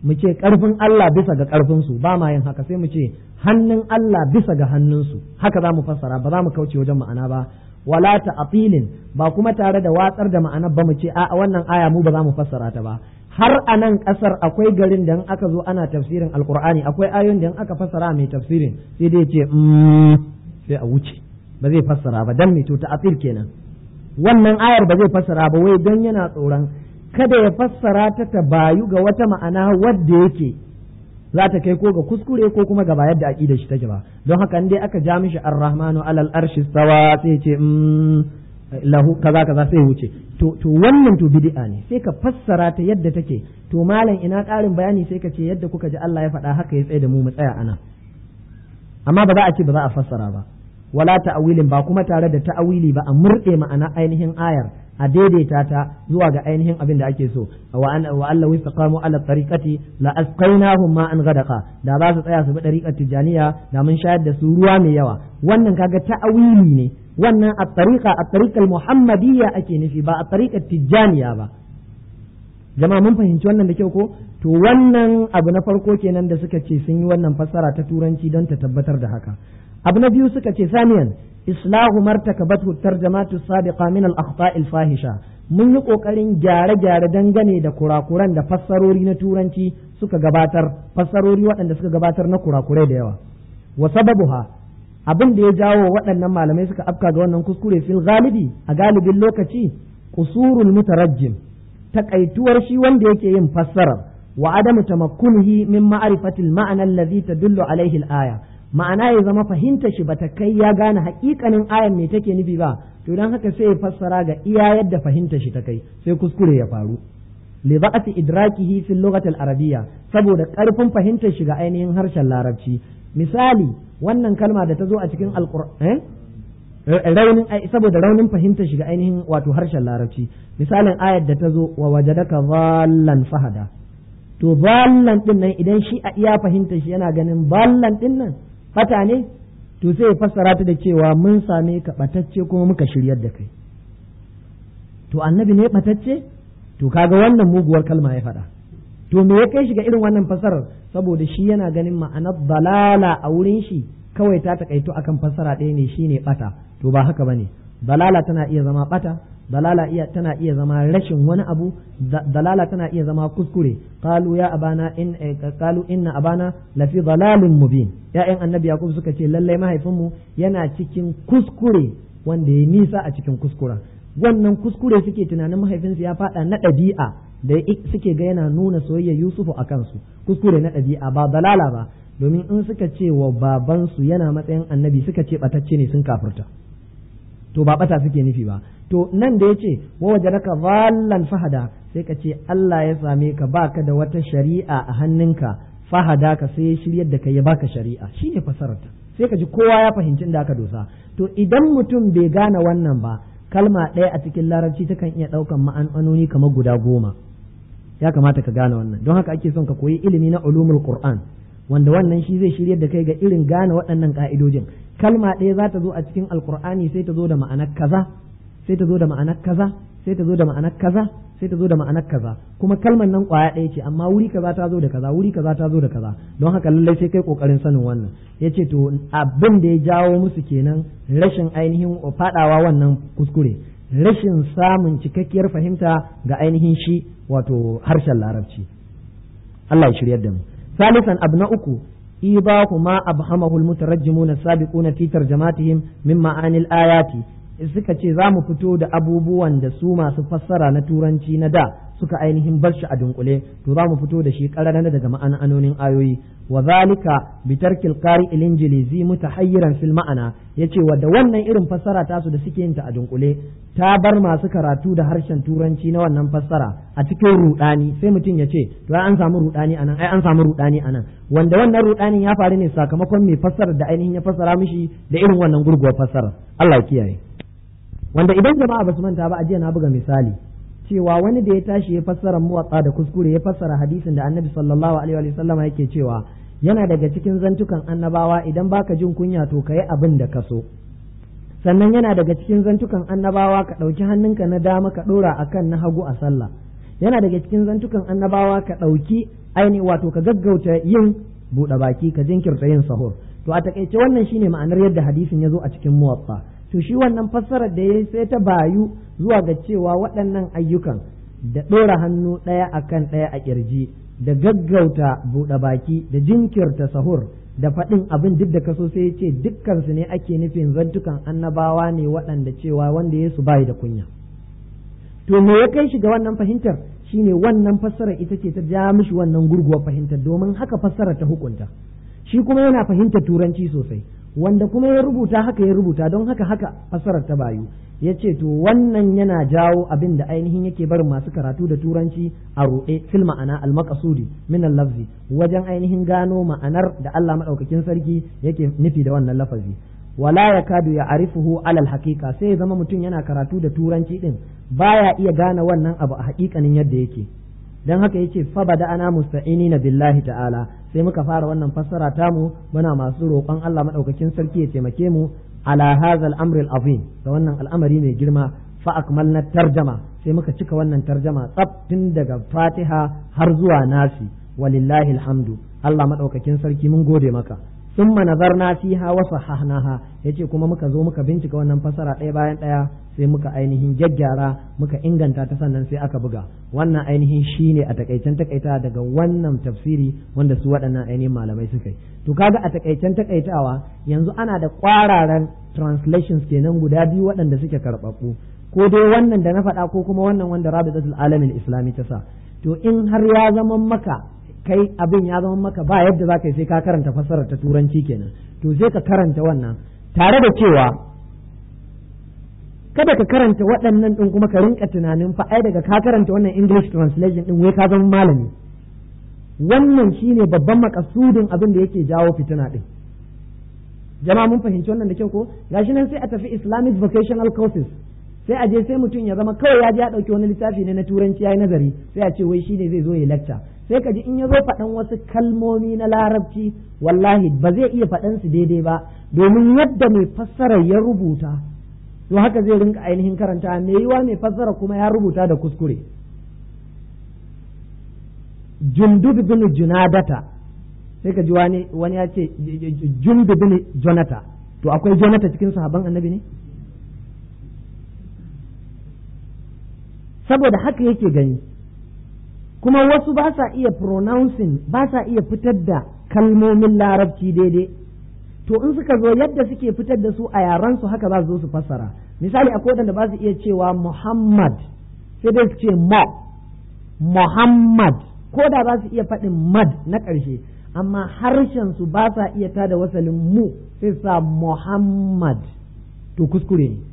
mu ce ƙarfin Allah bisa ga karfin su ba ma yin haka sai mu ce hannun Allah bisa ga hannun su haka za mu fassara ba za mu kauce wajen ma'ana ba wala ta filin ba kuma tare da watsar da ma'ana ba mu ce a wannan aya mu ba za mu fassara ta ba har a nan kasar akwai garin da aka zo ana tafsirin alkur'ani akwai ayoyin da aka fassara mai tafsirin sai dai ce mm, sai a wuce ba zai fassara ba dan mai to ta'asir kenan wannan ayar ba zai fassara ba wai don yana tsoron kada ya fassara ta bayu ga wata ma'ana wadda yake za ta kai ko ga kuskure ko kuma ga bayar da shi take ba don haka dai aka ja mishi ar-rahmanu alal arshi sawa sai ce mm, lahu kaza kaza sai wuce to to wannan to bid'a ne sai ka fassara ta yadda take to malam ina ƙarin bayani sai ka ce yadda kuka ji Allah ya faɗa haka ya tsaye da mu mu tsaya ana amma ba za a ce ba za a fassara ba wala ta'awilin ba kuma tare da ta'awili ba a murɗe ma'ana ainihin ayar a daidaita ta zuwa ga ainihin abin da ake so wa an wa Allah wastaqamu ala tariqati la asqainahum ma an gadaqa da ba su tsaya su bi tariqat tijaniya da mun shayar da su ruwa mai yawa wannan kaga ta'awili ne wannan a tariƙa a tariƙar muhammadiyya ake nufi ba a tariƙar Tijjaniya ba jama mun fahimci wannan da kyau ko to wannan abu na farko kenan da suka ce sun yi wannan fassara ta turanci don ta tabbatar da haka abu na biyu suka ce saniyan islahu martakabatu tarjamatu sabiqa min al akhta'il fahisha mun yi kokarin gyare-gyare dangane da kurakuran da fassarori na turanci suka gabatar fassarori waɗanda suka gabatar na kurakurai da yawa wa sababuha abin da ya jawo waɗannan malamai suka afka ga wannan kuskure fil galibi a galibin lokaci qusurul mutarajjim takaituwar shi wanda yake yin fassara wa adamu tamakkunihi min ma'rifatil ma'ana allazi tadullu alaihi al-aya ma'ana ya zama fahimta shi bata kai ya gane haƙiƙanin ayan me take nufi ba to dan haka sai ya fassara ga iya yadda fahimta shi ta kai sai kuskure ya faru li ba'ati idrakihi fil lughati al-arabiyya saboda ƙarfin fahimtar shi ga ainihin harshen larabci misali wannan kalma da ta zo a cikin alqur'an eh? raunin saboda raunin fahimtar shiga ainihin wato harshen larabci misalin ayar da ta zo wa wajadaka zallan fahada to ballan din nan idan shi a iya fahimta shi yana ganin ballan din nan fata ne to sai ya fassara ta da cewa mun same ka batacce kuma muka shiryar da kai to annabi ne batacce to kaga wannan muguwar kalma ya faɗa to me ya kai shi ga irin wannan fasarar saboda shi yana ganin ma'anar dalala a wurin shi kawai ta takaito akan fasara ɗaya ne shine bata to ba haka bane dalala tana iya zama bata dalala iya tana iya zama rashin wani abu dalala tana iya zama kuskure qalu ya abana in eh, qalu inna abana la fi dalalin mubin ya'yan annabi yakub suka ce lalle mahaifinmu yana cikin kuskure wanda ya nisa a cikin kuskura wannan kuskure suke tunanin mahaifinsu ya faɗa na ɗabi'a da suke ga yana nuna soyayya Yusufu a kansu kuskure na ɗabi'a ba dalala ba domin in suka ce wa babansu yana matsayin annabi suka ce batacce ne sun kafurta to ba bata suke nufi ba to nan da yace wa wajaraka zallan fahada sai ka ce Allah ya same ka baka da wata shari'a a hannunka fahada ka sai ya shiryar da kai ya baka shari'a shine fasararta sai ka ji kowa ya fahimci inda aka dosa to idan mutum bai gane wannan ba kalma ɗaya a cikin larabci takan iya ɗaukan ma'anoni kamar guda goma ya kamata ka gane wannan don haka ake son ka koyi ilimi na ulumul qur'an wanda wannan shi zai shiryar da kai ga irin gane waɗannan ka'idojin kalma ɗaya za ta zo a cikin alqur'ani sai ta zo da ma'anar kaza sai ta zo da ma'anar kaza sai ta zo da ma'anar kaza sai ta zo da ma'anar kaza kuma kalmar nan kwaya ɗaya ce amma wuri kaza ta zo da kaza wuri kaza ta zo da kaza don haka lallai sai kai kokarin sanin wannan ya ce to abin da ya jawo musu kenan rashin ainihin faɗawa wannan kuskure rashin samun cikakkiyar fahimta ga ainihin shi wato harshen larabci Allah ya shiryar da mu salisan abna uku إيضاح ما أبهمه المترجمون السابقون في ترجماتهم من معاني الآيات suka ce za mu fito da abubuwan da su masu fassara na turanci na da suka ainihin bar shi a dunkule to za mu fito da shi ƙararren daga ma'anonin ayoyi wa zalika bi tarkil qari al injilizi mutahayyiran fil ma'ana yace wa da wannan irin fassara tasu da suke yin ta a dunkule ta bar masu karatu da harshen turanci na wannan fassara a cikin rudani sai mutum ya ce to an samu rudani anan ai an samu rudani anan wanda wannan rudani ya faru ne sakamakon mai fassarar da ainihin ya fassara mishi da irin wannan gurguwar fassara Allah ya kiyaye wanda idan jama'a basu manta ba ajiya na buga misali cewa wani da ya tashi ya fassara muwatsa da kuskure ya fassara hadisin da annabi sallallahu alaihi wa sallama yake cewa yana daga cikin zantukan annabawa idan baka jin kunya to kayi abin da ka so sannan yana daga cikin zantukan annabawa ka ɗauki hannunka na dama ka ɗora akan na hagu a sallah yana daga cikin zantukan annabawa ka ɗauki aini wato ka gaggauta yin buɗe baki ka jinkirta yin sahur to a takaice wannan shine ma'anar yadda hadisin ya zo a cikin muwatsa. to shi wannan fassarar da ya sai ta bayu zuwa ga cewa waɗannan ayyukan da ɗora hannu ɗaya a kan ɗaya a ƙirji da gaggauta buɗe baki da jinkirta sahur da faɗin abin duk da kaso sai ya ce dukkansu ne ake nufin zantukan annabawa ne waɗanda cewa wanda ya su bayi da kunya to me ya kai shi ga wannan fahimtar shine wannan fassara ita ce ta ja mishi wannan gurguwar fahimtar domin haka fassara ta hukunta shi kuma yana fahimtar turanci sosai wanda kuma ya rubuta haka ya rubuta don haka haka fasarar ta bayu ya ce to wannan yana jawo abin da ainihin yake barin masu karatu da turanci a ruɗe fil ma'ana almakasudi min lafzi wajen ainihin gano ma'anar da Allah maɗaukakin sarki yake nufi da wannan lafazi wala ya kadu ya arifuhu alal haƙiƙa sai ya zama mutum yana karatu da turanci ɗin baya iya gane wannan abu a haƙiƙanin yadda yake dan haka yace fa bada ana na billahi ta'ala sai muka fara wannan fassara mu muna masu roƙon Allah madaukakin sarki ya taimake mu ala hadha Amril amr azim da wannan al'amari mai girma fa akmalna tarjama sai muka cika wannan tarjama tsaf tun daga Fatiha har zuwa Nasi walillahi alhamdu Allah madaukakin sarki mun gode maka sun thumma nazarna fiha ha sahahnaha ce kuma muka zo muka bincika wannan fasara ɗaya bayan ɗaya sai muka ainihin gyaggyara muka inganta ta sannan sai aka buga wannan ainihin shi ne a takaicen takaita daga wannan tafsiri wanda su waɗannan ainihin malamai suka yi to kaga a takaicen takaitawa yanzu ana da kwararan translations kenan guda biyu waɗanda suke karɓaɓɓu ko dai wannan da na faɗa ko kuma wannan wanda rabitatul alamin islami ta sa to in har ya zama maka kai abin ya zama maka ba yadda za ka yi sai ka karanta fassarar ta turanci kenan to sai ka karanta wannan tare da cewa kada ka karanta waɗannan ɗin kuma ka rinka tunanin fa ai daga ka karanta wannan English translation ɗin wai ka zama malami wannan shine babban makasudin abin da yake jawo fitina ɗin jama'a mun fahimci wannan da kyau ko gashi nan sai a tafi Islamic vocational courses sai a je sai mutum ya zama kawai ya je ya ɗauki wani littafi ne na turanci ya yi nazari sai a ce wai shine zai zo ya lacca sai ka ji in ya zo faɗan wasu kalmomi na larabci wallahi ba zai iya faɗan su daidai ba domin yadda mai fassara ya rubuta to haka zai rinka ainihin karanta mai yiwa mai fassara kuma ya rubuta da kuskure jundub bin junadata sai ka ji wani wani ya ce jundub bin jonata to akwai jonata cikin sahaban annabi ne saboda haka yake gani kuma wasu ba sa iya pronouncing ba sa iya fitar da kalmomin larabci daidai to in suka zo yadda suke fitar da su a yaran su haka ba su zo su fassara misali akwai wanda ba su iya cewa Muhammad sai dai su ce mo Muhammad ko da ba su iya faɗin mad na ƙarshe amma harshen su ba sa iya ta da wasalin mu sai sa Muhammad to kuskure ne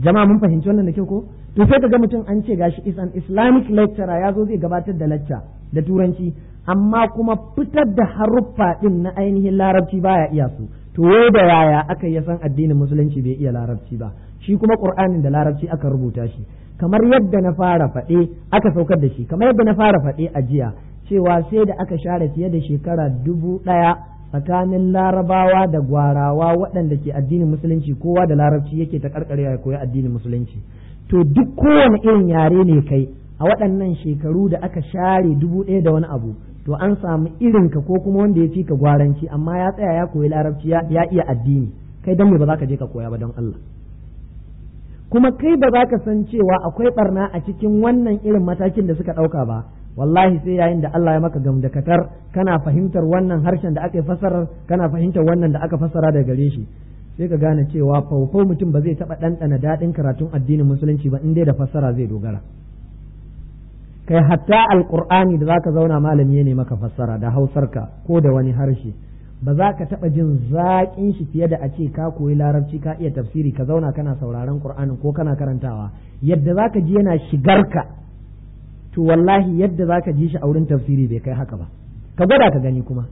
jama'a mun fahimci wannan da kyau ko to sai kaga mutum an ce gashi is an islamic lecturer ya zo zai gabatar da lacca da turanci amma kuma fitar da haruffa din na ainihin larabci baya iya su to wai da yaya aka ya san addinin musulunci bai iya larabci ba shi kuma qur'anin da larabci aka rubuta shi kamar yadda na fara faɗe aka saukar da shi kamar yadda na fara faɗe a jiya cewa sai da aka share fiye da shekara dubu ɗaya tsakanin larabawa da gwarawa waɗanda ke addinin musulunci kowa da larabci yake ta karkarewa ya koyi addinin musulunci to duk kowane irin yare ne kai a waɗannan shekaru da aka share dubu ɗaya da wani abu to an samu irin ka ko kuma wanda ya fi ka gwaranci amma ya tsaya ya koyi larabci ya iya addini kai don me ba za ka je ka koya ba don Allah kuma kai ba za ka san cewa akwai barna a cikin wannan irin matakin da suka ɗauka ba wallahi sai yayin da Allah ya maka gamdakatar kana fahimtar wannan harshen da aka yi kana fahimtar wannan da aka fassara da gare shi sai ka gane cewa faufo mutum ba zai taɓa ɗanɗana daɗin karatun addinin musulunci ba in dai da fassara zai dogara kai hatta alƙur'ani da za ka zauna malami ne maka fassara da hausarka ko da wani harshe ba za ka taɓa jin zaƙin shi fiye da a ce ka koyi larabci ka iya tafsiri ka zauna kana sauraron ƙur'anin ko kana karantawa yadda za ka ji yana shigarka to wallahi yadda za ka ji shi a wurin tafsiri bai kai haka ba ka gwada ka gani kuma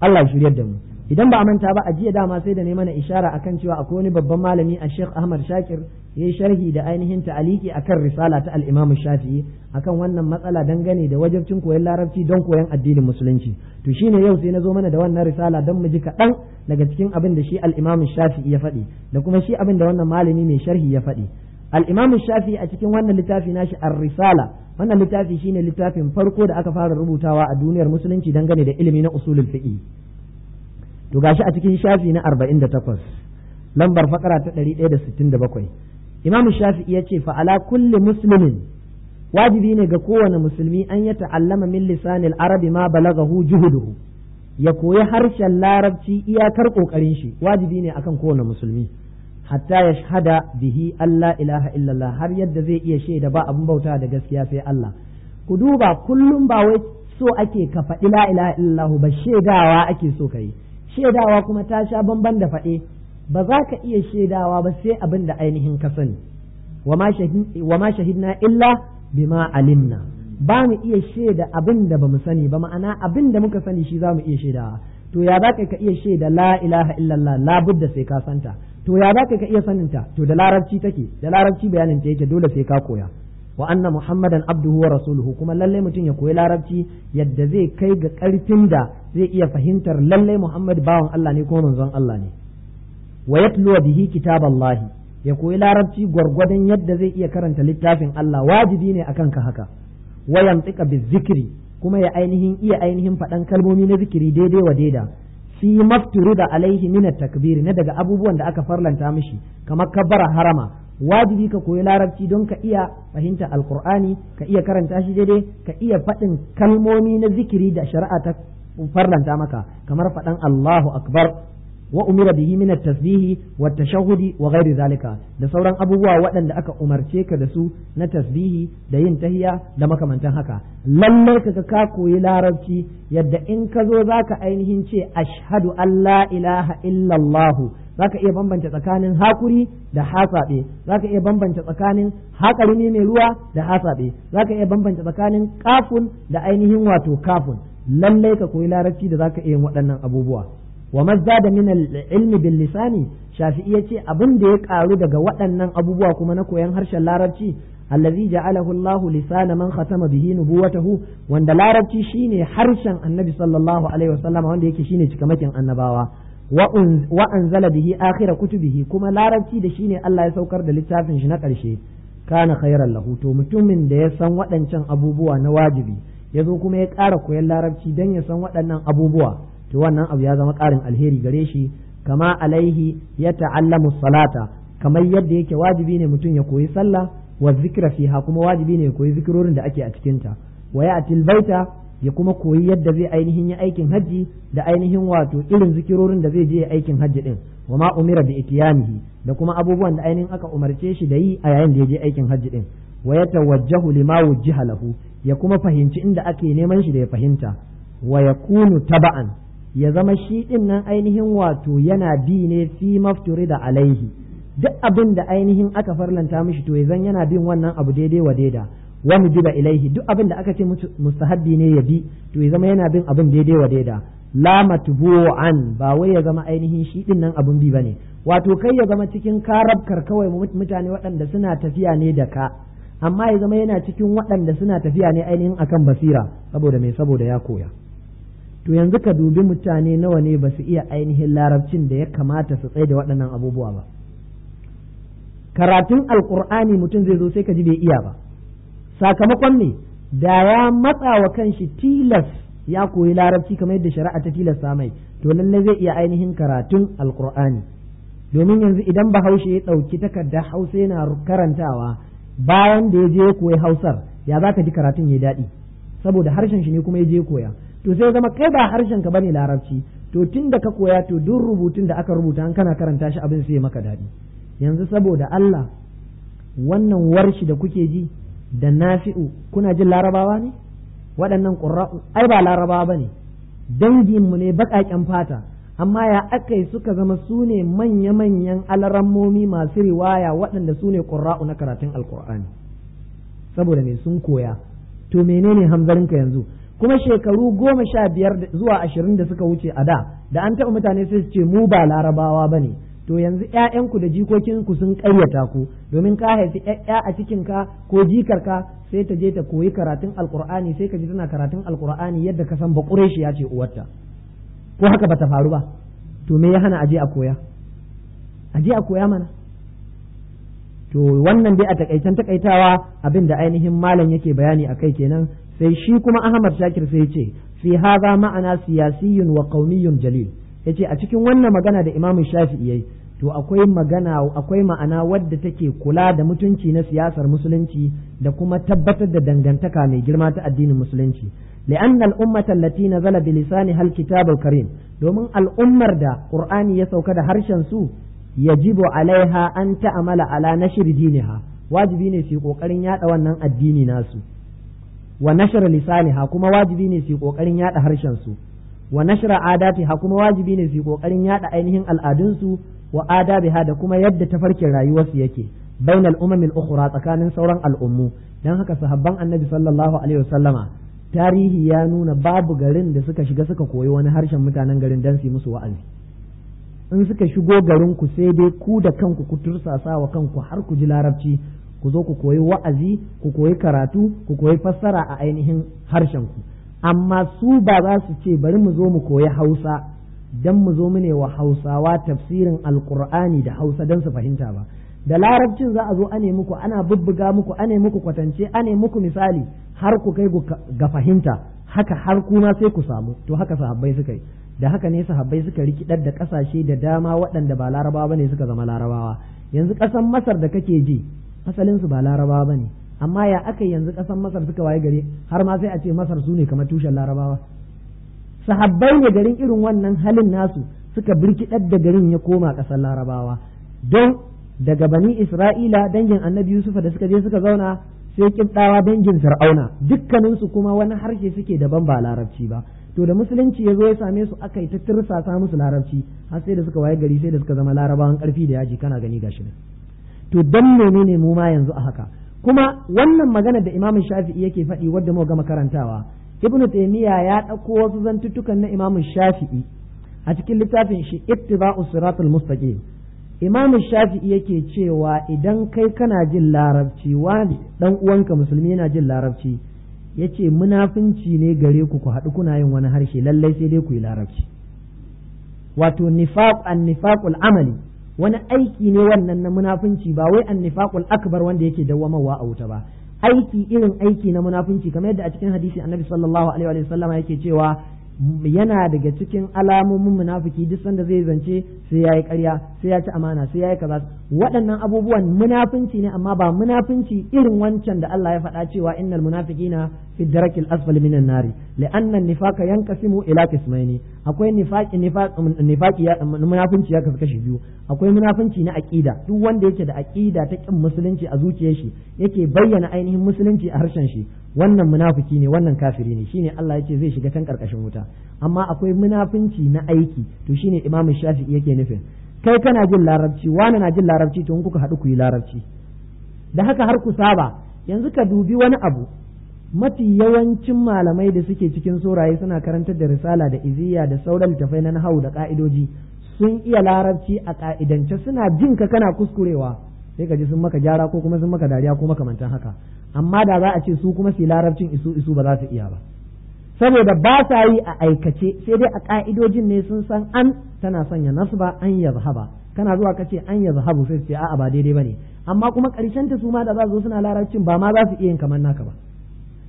Allah shiryar da mu idan ba a manta ba a jiya dama sai da ne mana ishara akan cewa akwai wani babban malami a Sheikh Ahmad Shakir ya yi sharhi da ainihin ta'aliki akan risala ta al-Imam Shafi'i akan wannan matsala dangane da wajibcin koyon larabci don koyon addinin musulunci to shine yau sai na zo mana da wannan risala don mu ji kaɗan daga cikin abin da shi al-Imam Shafi'i ya faɗi da kuma shi abin da wannan malami mai sharhi ya faɗi al-Imam Shafi'i a cikin wannan littafi nashi ar-risala wannan littafi shine littafin farko da aka fara rubutawa a duniyar musulunci dangane da ilimi na usulul fiqh to gashi a cikin shafi na 48 lambar fakara ta 167 imam shafi'i ya ce fa ala kulli muslimin wajibi ne ga kowane musulmi an ya ta'allama min lisanil arabi ma balagahu juhuduhu ya koyi harshen larabci iyakar kokarin shi wajibi ne akan kowane musulmi hatta ya shahada bihi Allah ilaha illallah har yadda zai iya shaida ba abin bauta da gaskiya sai Allah ku duba kullum ba wai so ake ka faɗi la ilaha illallah ba shaidawa ake so ka yi shaidawa kuma ta sha bamban da faɗe ba za ka iya shaidawa ba sai abin da ainihin ka sani wa ma shahidna illa bima alimna ba mu iya shaida abin da ba mu sani ba ma'ana abin da muka sani shi za mu iya shaidawa to ya za ka iya shaida la ilaha illallah la budda sai ka santa to ya za ka iya saninta to da larabci take da larabci bayanin ta yake dole sai ka koya wa anna muhammadan abduhu wa rasuluhu kuma lalle mutum ya koyi larabci yadda zai kai ga karfin da zai iya fahimtar lalle muhammad bawan Allah ne kuma manzon Allah ne wa yatlu bihi kitaballahi ya koyi larabci gwargwadon yadda zai iya karanta littafin Allah wajibi ne akan ka haka wa yantika bizikri kuma ya ainihin iya ainihin faɗan kalmomi na zikiri daidai wa daida fi mafturu da alaihi min takbiri na daga abubuwan da aka farlanta mishi kamar kabbara harama wajibi ka koyi larabci don ka iya fahimta alkur'ani ka iya karanta shi daidai ka iya faɗin kalmomi na zikiri da shari'a ta farlanta maka kamar faɗan Allahu akbar wa umira bihi min at-tasbih wa tashahhudi wa ghairi zalika da sauran abubuwa waɗanda aka umarce ka da su na tasbihi da yin tahiya da makamantan haka lalle kaga ka koyi larabci yadda in ka zo zaka ainihin ce ashhadu an la ilaha zaka iya bambance tsakanin hakuri da hasabe zaka iya bambance tsakanin hakari ne mai ruwa da hasabe zaka iya bambance tsakanin kafun da ainihin wato kafun lallai ka koyi larabci da zaka iya waɗannan abubuwa wa da min al-ilmi bil lisani shafi'i yace abin da ya karu daga waɗannan abubuwa kuma na koyan harshen larabci allazi ja'alahu Allah lisana man khatama bihi nubuwatahu wanda larabci shine harshen annabi sallallahu alaihi wasallam wanda yake shine cikamakin annabawa wa anzala bihi akhira kutubihi kuma larabci da shine Allah ya saukar da littafin shi na ƙarshe kana khairan lahu to mutumin da ya san waɗancan abubuwa na wajibi ya zo kuma ya ƙara koyon larabci dan ya san waɗannan abubuwa to wannan abu ya zama ƙarin alheri gare shi kama alaihi ya ta'allamu salata kamar yadda yake wajibi ne mutum ya koyi sallah wa zikra fiha kuma wajibi ne ya koyi zikirorin da ake a cikin ta wa ya'til baita ya kuma koyi yadda zai ainihin yi aikin hajji da ainihin wato irin zikirorin da zai je aikin hajji din wa ma umira bi itiyanihi da kuma abubuwan da ainihin aka umarce shi da yi a yayin da ya je aikin hajji din wa yatawajjahu lima wujjiha lahu ya kuma fahimci inda ake neman shi da ya fahimta wa yakunu taba'an ya zama shi din nan ainihin wato yana bi ne fi mafturida alaihi duk abin da ainihin aka farlanta mishi to zan yana bin wannan abu daidai wa daida wani mujiba ilaihi duk abin da aka ce mustahabbi ne ya bi to ya zama yana bin abin daidai wa daida la matbu'an ba wai ya zama ainihin shi din nan abin bi bane wato kai ya zama cikin karabkar kawai mutane waɗanda suna tafiya ne da ka amma ya zama yana cikin waɗanda suna tafiya ne ainihin akan basira saboda mai saboda ya koya to yanzu ka dubi mutane nawa ne ba su iya ainihin larabcin da ya kamata su tsaye da waɗannan abubuwa ba karatun alkur'ani mutum zai zo sai ka ji bai iya ba sakamakon ne da ya matsa wa kanshi tilas ya koyi larabci kamar yadda shari'a ta tilasta mai to lallai zai iya ainihin karatun alkur'ani domin yanzu idan bahaushe ya ɗauki takardar hausa yana karantawa bayan da ya je ya koyi hausar ya za ka ji karatun ya daɗi saboda harshen shi ne kuma ya je koya to sai zama kai ba harshen ka bane larabci to tun da ka koya to duk rubutun da aka rubuta an kana karanta shi abin sai maka daɗi yanzu saboda Allah wannan warshi da kuke ji da nafi'u kuna jin larabawa ne waɗannan ƙura'u. ai ba larabawa ba ne danginmu ne baƙaƙen fata amma ya aka yi suka zama su ne manya-manyan alarammomi masu riwaya waɗanda su ne ƙura'u na karatun alƙur'ani saboda me sun koya to menene hanzarinka yanzu kuma shekaru goma sha biyar zuwa ashirin da suka wuce a da da an taɓa mutane sai su ce mu ba larabawa ba ne to yanzu ƴaƴanku da jikokinku sun ƙayyata ku domin ka haifi ƴaƴa a cikin ka ko jikarka sai ta je ta koyi karatun alqur'ani sai ka ji tana karatun alqur'ani yadda ka san bakureshi ya ce uwarta ko haka bata faru ba to me ya hana aje a koya aje a koya mana to wannan dai a takaitan takaitawa abin da ainihin malam yake bayani a kai kenan sai shi kuma Ahmad Shakir sai ya ce fi hadha ma'ana siyasiyyun wa qaumiyyun jalil yace a cikin wannan magana da imamu shafi'i yayi to akwai magana akwai ma'ana wadda take kula da mutunci na siyasar musulunci da kuma tabbatar da dangantaka mai girma ta addinin musulunci لأن الأمة التي نزل بلسانها الكتاب الكريم دومن الأمر دا قرآن يسوك دا هرشن سو يجب عليها أن تعمل على نشر دينها واجبين في قوكرين يات وانن الدين ناسو ونشر لسانها كما واجبين في قوكرين يات هرشن سو wa nashra adatiha kuma wajibi ne su kokarin yada ainihin al'adunsu wa adabiha da kuma yadda tafarkin rayuwarsu yake bainal umamil ukhra tsakanin sauran al'ummu dan haka sahabban annabi sallallahu alaihi wasallama tarihi ya nuna babu garin da suka shiga suka koyi wani harshen mutanen garin dan su musu wa'azi in suka shigo garin ku sai dai ku da kanku ku tursasa wa kanku har ku ji larabci ku zo ku koyi wa'azi ku koyi karatu ku koyi fassara a ainihin harshen ku amma su ba za su ce bari mu zo mu koyi hausa don mu zo mu ne wa hausawa tafsirin alkur'ani da hausa don su fahimta ba da larabcin za a zo ane muku ana bubbuga muku ane muku kwatance ane muku misali har ku kai ga fahimta haka har kuma sai ku samu to haka sahabbai suka yi da haka ne sahabbai suka rikidar da kasashe da dama waɗanda ba larabawa bane suka zama larabawa yanzu ƙasar masar da kake ji asalinsu ba larabawa bane amma ya aka yanzu kasan masar suka waye gari har ma sai a ce masar su ne kamar tushen larabawa sahabbai ne garin irin wannan halin nasu suka birkiɗar da garin ya koma ƙasar larabawa don daga bani isra'ila dangin annabi yusufa da suka je suka zauna sai kiddawa dangin fir'auna dukkaninsu kuma wani harshe suke daban ba larabci ba to da musulunci ya zo ya same su aka yi ta tirsasa musu larabci har sai da suka waye gari sai da suka zama larabawan karfi da yaji kana gani gashi nan to dan menene mu ma yanzu a haka kuma wannan magana da imamin shafi'i yake faɗi wadda mu gama karantawa ibnu taymiya ya ɗauko wasu zantutukan na imamin shafi'i a cikin littafin shi ittiba'u siratul mustaqim imamin shafi'i yake cewa idan kai kana jin larabci wani dan uwanka musulmi yana jin larabci yace munafinci ne gare ku ku haɗu kuna yin wani harshe lallai sai dai ku yi larabci wato nifaq an nifaqul amali wani aiki ne wannan na munafunci ba wai an nifaƙul akbar wanda yake dawwamawa a wuta ba aiki irin aiki na munafunci kamar yadda a cikin hadisi annabi sallallahu alaihi wa sallama yake cewa yana daga cikin alamomin munafiki duk sanda zai zance sai yayi ƙarya sai ya ci amana sai yayi kaza waɗannan abubuwan munafunci ne amma ba munafunci irin wancan da Allah ya faɗa cewa innal munafiqina fi darakil asfali minan nari li'anna nifaqa yanqasimu ila qismaini akwai nifaqi nifaqi munafinci ya kasu kashi biyu akwai munafinci na aqida duk wanda yake da aqida ta kin musulunci a zuciyar shi yake bayyana ainihin musulunci a harshen shi wannan munafiki ne wannan kafiri ne shine Allah yake zai shiga can karkashin wuta amma akwai munafunci na aiki to shine imamu Shafi'i yake nufin kai kana jin larabci wani na jin larabci to kuka haɗu ku yi larabci da haka har ku saba yanzu ka dubi wani abu mafi yawancin malamai da suke cikin soraye suna karantar da risala da iziya da sauran littafai na nahau da ka'idoji sun iya larabci a ka'idance suna jin ka kana kuskurewa sai ka ji sun maka gyara ko kuma sun maka dariya ko makamantan haka amma da za a ce su kuma su larabcin isu isu ba za su iya ba saboda ba sa yi a aikace sai dai a ka'idojin ne sun san an tana sanya ba an ya zahaba kana zuwa kace an ya zahabu sai ce a'a ba daidai ne amma kuma karshen ta su ma da za su zo suna larabcin ba ma za su iya yin kamar naka ba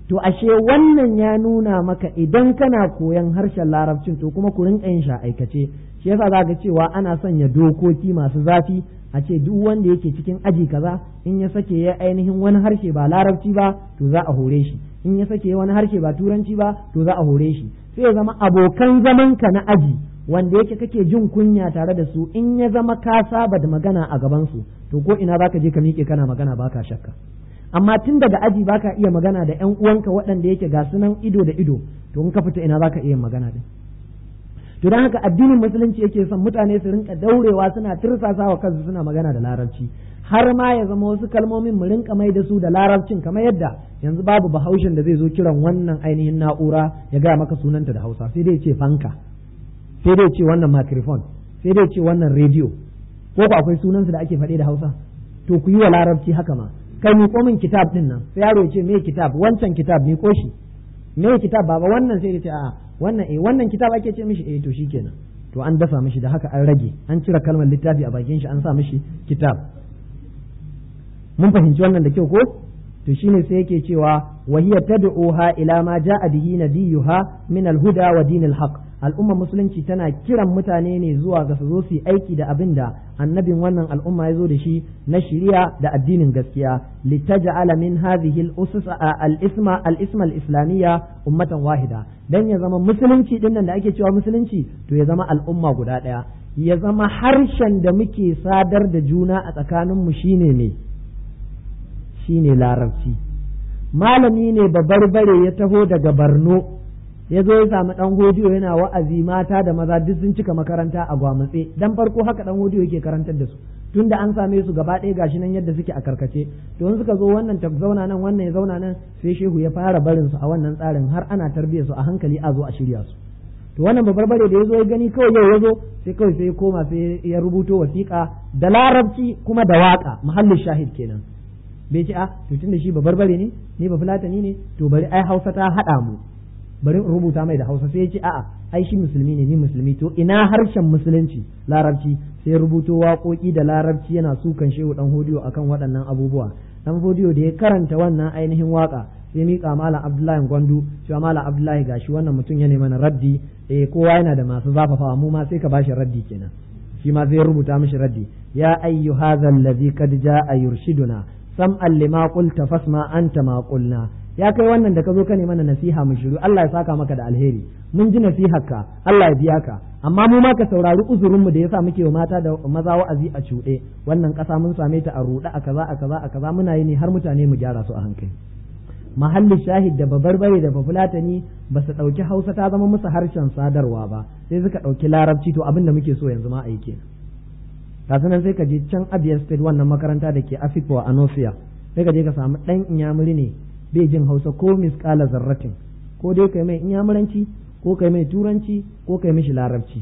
to ashe wannan ya nuna maka idan kana koyan harshen larabcin to kuma ku rinka yin sha aikace shi yasa za ka cewa ana sanya dokoki masu zafi a ce duk wanda yake cikin aji kaza in ya sake ya ainihin wani harshe ba larabci ba to za a hore shi in ya sake wani harshe ba turanci ba to za a hore shi sai ya zama abokan zamanka na aji wanda yake kake jin kunya tare da su in ya zama ka saba da magana a gaban su to ko ina zaka je ka miƙe kana magana baka shakka amma tun daga aji baka iya magana da ƴan uwanka waɗanda yake ga sunan ido da ido to in ka fita ina zaka iya magana da to dan haka addinin musulunci yake son mutane su rinka daurewa suna tirsasa kansu suna magana da larabci har ma ya zama wasu kalmomin mu rinka mai da su da larabcin kamar yadda yanzu babu bahaushen da zai zo kiran wannan ainihin na'ura ya gaya maka sunanta da hausa sai dai ce fanka sai dai ce wannan microphone sai dai ce wannan rediyo ko ba akwai sunansu da ake faɗe da hausa to ku yi wa larabci haka ma kai mi min kitab din nan sai yaro ya ce me kitab wancan kitab mi shi me kitab baba wannan sai ya ce a wannan eh wannan kitab ake ce mishi eh to shikenan to an dafa mishi da haka an rage an cire kalmar littafi a bakin shi an sa mishi kitab mun fahimci wannan da kyau ko to shine sai yake cewa wa hiya tad'uha ila ma ja'a bihi nabiyuha min al-huda wa dinil haqq al'umma musulunci tana kiran mutane ne zuwa ga su zo su yi aiki da abin da annabin wannan al'umma ya zo da shi na shiriya da addinin gaskiya litaj'ala min hadhihi al-usus al-isma al-isma al-islamiyya ummatan wahida dan ya zama musulunci din nan da ake cewa musulunci to ya zama al'umma guda daya ya zama harshen da muke sadar da juna a tsakanin mu shine ne. Sine larabci malami ne babarbare ya taho daga barno ya zo ya samu ɗan hodiyo yana wa'azi mata da maza duk sun cika makaranta a gwamutse dan farko haka ɗan hodiyo yake karantar da su tunda an same su gaba ɗaya gashi nan yadda suke a karkace to in suka zo wannan ta zauna nan wannan ya zauna nan sai shehu ya fara barin su a wannan tsarin har ana tarbiyyar su a hankali a zo a shirya su to wannan babarbare da ya zo ya gani kawai yau ya zo sai kawai sai ya koma sai ya rubuto wasiƙa da larabci kuma da waƙa muhallin shahid kenan bai ce a ah, to tunda shi ba barbare ne ni ba fulatani ne to bari ai hausa ta haɗa mu bari rubuta mai da hausa sai ya ce a'a ai shi musulmi ne ni musulmi to ina harshen musulunci larabci sai rubuto waƙoƙi da larabci yana sukan shehu dan hodiyo akan waɗannan abubuwa dan hodiyo da ya karanta wannan ainihin waƙa sai miƙa malam abdullahi gwandu cewa malam abdullahi gashi wannan mutum ya mana raddi eh kowa yana da masu zafafawa mu ma sai ka bashi raddi kenan shi ma zai rubuta mishi raddi ya ayyu hadha kad jaa yurshiduna sam lima qulta fasma anta ma qulna ya kai wannan da ka zo ka ne mana nasiha mu shiru Allah ya saka maka da alheri mun ji ka Allah ya biya ka amma mu ma ka saurari uzurin mu da yasa muke wa mata da maza wa'azi a cuɗe wannan ƙasa mun same ta a ruɗe a kaza a kaza a kaza muna yi ne har mutane mu gyara su a hankali mahalli shahid da babarbare da bafulatani ba su ɗauki hausa ta zama musu harshen sadarwa ba sai suka ɗauki larabci to abin da muke so yanzu ma a kasu nan sai ka je can abiyar state wannan makaranta da ke afikwa a nofia sai ka je ka samu ɗan inyamuri ne bai jin hausa ko miskala zarratin ko dai kai mai inyamuranci ko kai mai turanci ko kai mishi larabci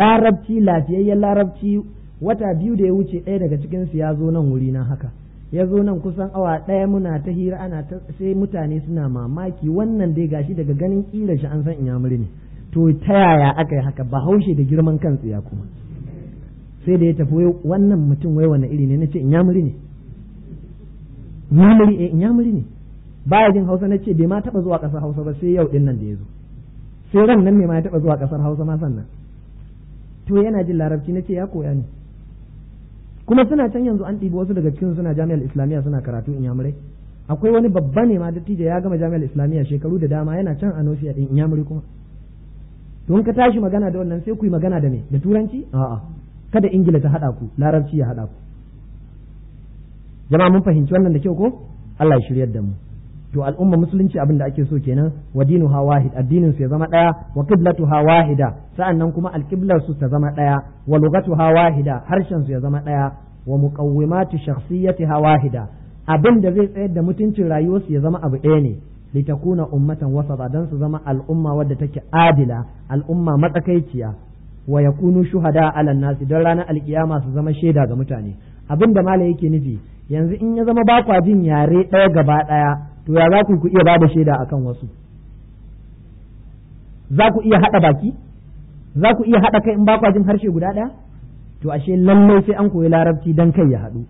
larabci lafiyayyen larabci wata biyu da ya wuce ɗaya daga cikin su ya zo nan wuri na haka ya zo nan kusan awa ɗaya muna ta hira ana ta sai mutane suna mamaki wannan dai gashi daga ganin kila shi an san inyamuri ne to ta yaya aka yi haka ba haushe da girman kansu ya kuma sai da ya tafi wannan mutum wai wani iri ne na ce in yamuri ne yamuri eh in yamuri ne baya jin hausa na ce bai ma taba zuwa kasar hausa ba sai yau din nan da ya zo sai ran nan mai ma ya taba zuwa kasar hausa ma sannan to yana jin larabci na ce ya koya ne kuma suna can yanzu an ɗibi wasu daga cikin suna jami'ar islamiyya suna karatu in yamurai akwai wani babba ne ma dattijo ya gama jami'ar islamiyya shekaru da dama yana can a nosiya din in yamuri kuma to ka tashi magana da wannan sai ku yi magana da me da turanci a'a kada ingila ta haɗa ku larabci ya haɗa ku jama'a mun fahimci wannan da kyau ko Allah ya shiryar da mu to al'umma musulunci abin da ake so kenan wa dinuha wahid addinin su ya zama daya wa qiblatuha wahida sa'annan kuma alqiblar su ta zama daya wa lughatuha wahida harshen su ya zama daya wa muqawwimatu shakhsiyatiha wahida abin da zai tsayar da mutuncin rayuwar su ya zama abu ɗaya ne litakuna ummatan wasata dan su zama al'umma wadda take adila al'umma matsakaiciya wa yakunu shuhada ala nasi don ranar alkiyama su zama shaida ga mutane abinda da yake nufi yanzu in ya zama bakwa jin yare ɗaya gaba ɗaya to ya za ku ku iya bada shaida akan wasu za ku iya haɗa baki za ku iya haɗa kai in bakwa jin harshe guda ɗaya to ashe lallai sai an koyi larabci dan kai ya haɗu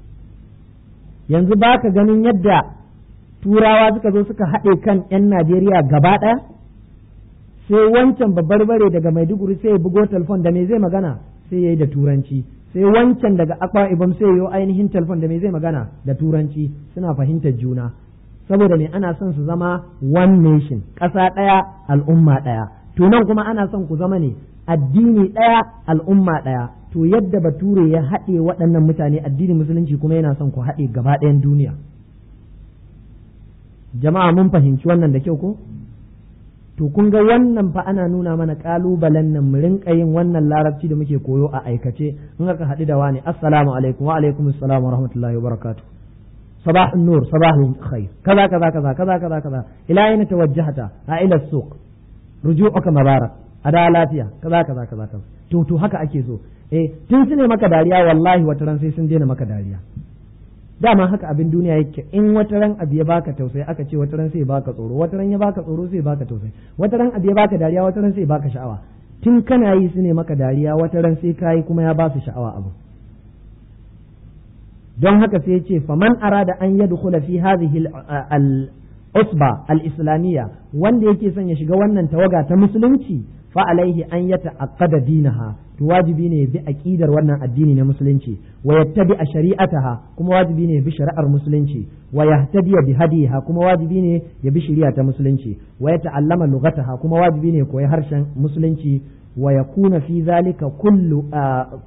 yanzu ba ka ganin yadda turawa suka zo suka haɗe kan 'yan najeriya gaba ɗaya sai wancan babbar bare daga maiduguri sai ya bugo telefon da me zai magana sai ya yi da turanci sai wancan daga akwa ibam sai ya ainihin telefon da me zai magana da turanci suna fahimtar juna saboda me ana son su zama one nation ƙasa ɗaya al'umma ɗaya to nan kuma ana son ku zama ne addini ɗaya al'umma ɗaya to yadda bature ya haɗe waɗannan mutane addinin musulunci kuma yana son ku haɗe gaba ɗayan duniya jama'a mun fahimci wannan da kyau ko to kun ga wannan fa ana nuna mana kalubalen nan mu rinka yin wannan larabci da muke koyo a aikace in aka haɗu da wani assalamu alaikum wa alaikum assalam wa rahmatullahi wa barakatuh صباح النور صباح الخير كذا كذا كذا كذا كذا كذا إلى أين توجهت إلى السوق رجوعك مبارك أدا لافيا كذا كذا كذا كذا تو تو هكا so eh tun sune maka dariya wallahi wata ran sai sun daina maka dariya dama haka abin duniya yake in wata ran abu ya baka tausayi aka ce wata ran sai baka tsoro wata ran ya baka tsoro sai baka tausayi wata ran abu ya baka dariya wata ran sai baka sha'awa tun kana yi su ne maka dariya wata ran sai yi kuma ya ba su sha'awa abu don haka sai ce faman arada an yadkhula fi hadhihi al usba al islamiyya wanda yake son ya shiga wannan tawaga ta musulunci fa alaihi an yata'aqqada dinaha to wajibi ne ya bi aqidar wannan addini na musulunci wa yattabi a shari'ataha kuma wajibi ne ya bi shari'ar musulunci wa yahtadi bi hadiha kuma wajibi ne ya bi shari'a ta musulunci wa yata'allama lughataha kuma wajibi ne koyi harshen musulunci wa yakuna fi zalika kullu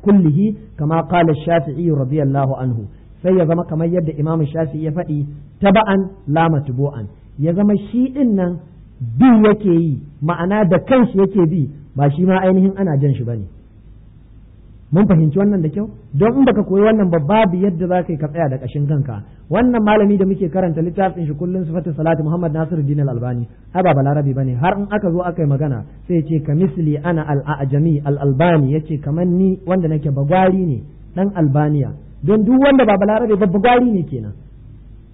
kullihi kama qala ash-shafi'i radiyallahu anhu sai ya zama kamar yadda imam shafi'i ya faɗi taba'an lama matbu'an ya zama shi din nan bi yake yi ma'ana da kanshi yake bi ba shi ma ainihin ana jan shi ba ne mun fahimci wannan da kyau don in baka koyi wannan ba babu yadda za ka yi ka tsaya da kashin kanka wannan malami da muke karanta littafin shi kullum sifatu salati muhammad Nasiru dinar albani aba balarabi ne har in aka zo aka yi magana sai ce ka misli ana alajami alalbani al-albani yace kamar ni wanda nake bagwari ne dan albaniya don duk wanda ba balarabe ba bagwari ne kenan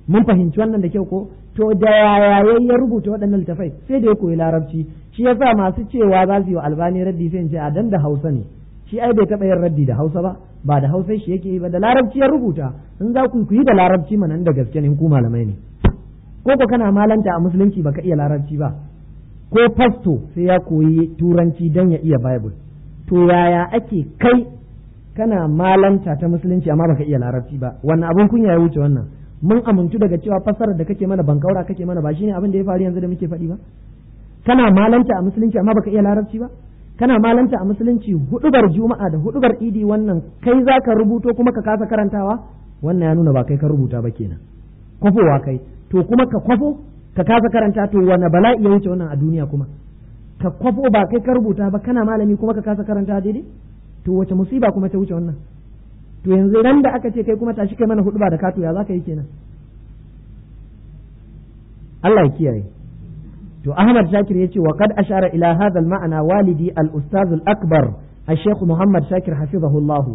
mun fahimci wannan da kyau ko to da yaya ya rubuta waɗannan littafai sai da ya koyi larabci shi yasa masu cewa za su yi wa albani raddi sai ce a dan da hausa ne shi ai bai taɓa yin raddi da hausa ba ba da hausa shi yake yi ba da larabci ya rubuta in za ku yi da larabci mana da gaske ne ku malamai ne ko ko kana malanta a musulunci baka iya larabci ba ko fasto sai ya koyi turanci dan ya iya bible to yaya ake kai kana malanta ta musulunci amma baka iya larabci ba wannan abun kunya ya wuce wannan mun amintu daga cewa fassarar da kake mana bankaura kake mana ba shine abin da ya faru yanzu da muke faɗi ba kana malanta a musulunci amma baka iya larabci ba kana malanta a musulunci hudubar juma'a da hudubar idi wannan kai zaka rubuto kuma ka kasa karantawa wannan ya nuna ba kai ka rubuta ba kenan kwafowa kai to kuma ka kwafo ka kasa karanta to wani bala'i ya wuce wannan a duniya kuma ka kwafo ba kai ka rubuta ba kana malami kuma ka kasa karanta daidai to wace musiba kuma ta wuce wannan to yanzu ran da aka ce kai kuma tashi kai mana hudu ba da katu ya zaka yi kenan Allah ya kiyaye to Ahmad Shakir ce wa qad ashara ila hadha al-ma'ana walidi al-ustaz al-akbar al-sheikh Muhammad Shakir hafizahullah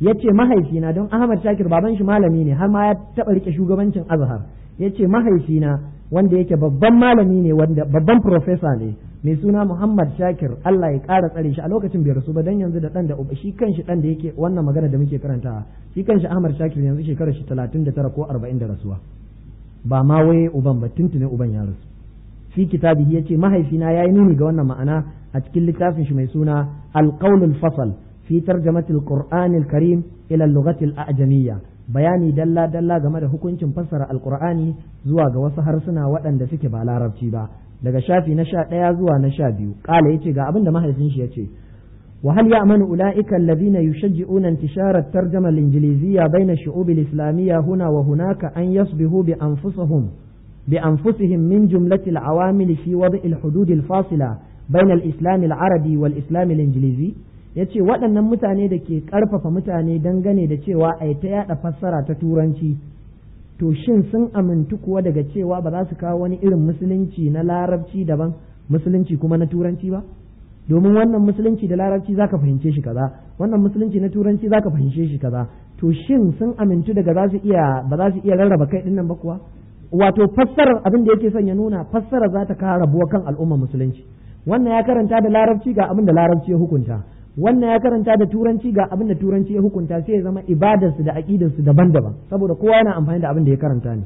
yace mahaifina don Ahmad Shakir baban shi malami ne har ma ya taba rike shugabancin Azhar ce mahaifina wanda yake babban malami ne wanda babban profesa ne mai suna Muhammad Shakir Allah ya ƙara tsare shi a lokacin bai rasu ba dan yanzu da dan da shi kanshi dan da yake wannan magana da muke karantawa shi kanshi Ahmad Shakir yanzu shekarar shi 39 ko 40 da rasuwa ba ma waye uban ba tuntune uban ya rasu fi kitabi ya ce mahaifina ya yi nuni ga wannan ma'ana a cikin littafin shi mai suna alƙaulul fasal fi tarjamatil qur'anil karim ila lugatil ajamiyya bayani dalla dalla game da hukuncin fassara alqur'ani zuwa ga wasu harsuna waɗanda suke ba larabci ba daga shafi na sha ɗaya zuwa na sha biyu ƙala yace ga abin da mahaifin shi yace وهل يأمن أولئك الذين يشجعون انتشار الترجمة الإنجليزية بين الشعوب الإسلامية هنا وهناك أن يصبحوا بأنفسهم بأنفسهم من جملة العوامل في وضع الحدود الفاصلة بين الإسلام العربي والإسلام الإنجليزي؟ ya ce waɗannan mutane da ke ƙarfafa mutane dangane da cewa a ta yaɗa fassara ta turanci to shin sun amintu kuwa daga cewa ba za su kawo wani irin musulunci na larabci daban musulunci kuma na turanci ba domin wannan musulunci da larabci za ka fahimce shi kaza wannan musulunci na turanci ka fahimce shi kaza to shin sun amintu daga za su iya ba za su iya rarraba kai dinnan ba kuwa wato fassarar abin da yake son ya nuna fassara za ta kawo rabuwa kan al'umma musulunci wannan ya karanta da larabci ga abin da larabci ya hukunta wannan ya karanta da turanci ga abin da turanci ya hukunta sai ya zama ibadarsu da aqidarsu daban-daban saboda kowa yana amfani da abin da ya karanta ne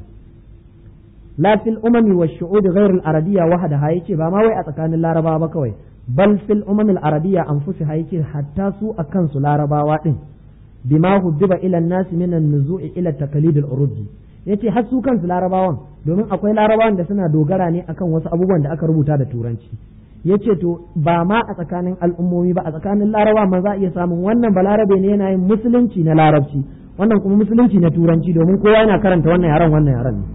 la fil umami wa shu'ud ghayr al arabiyya wahdaha yace ba ma wai a tsakanin larabawa ba kawai bal fil umam al arabiyya ha yace hatta su akan su larabawa din bima huddiba ila nasi nas min an-nuzu'i ila taqlid al urdi yace har su kansu larabawan domin akwai larabawan da suna dogara ne akan wasu abubuwan da aka rubuta da turanci ya ce to ba ma a tsakanin al'ummomi ba a tsakanin larawa ma za a iya samun wannan balarabe ne yana yin musulunci na larabci wannan kuma musulunci na turanci domin kowa yana karanta wannan yaran wannan yaran ne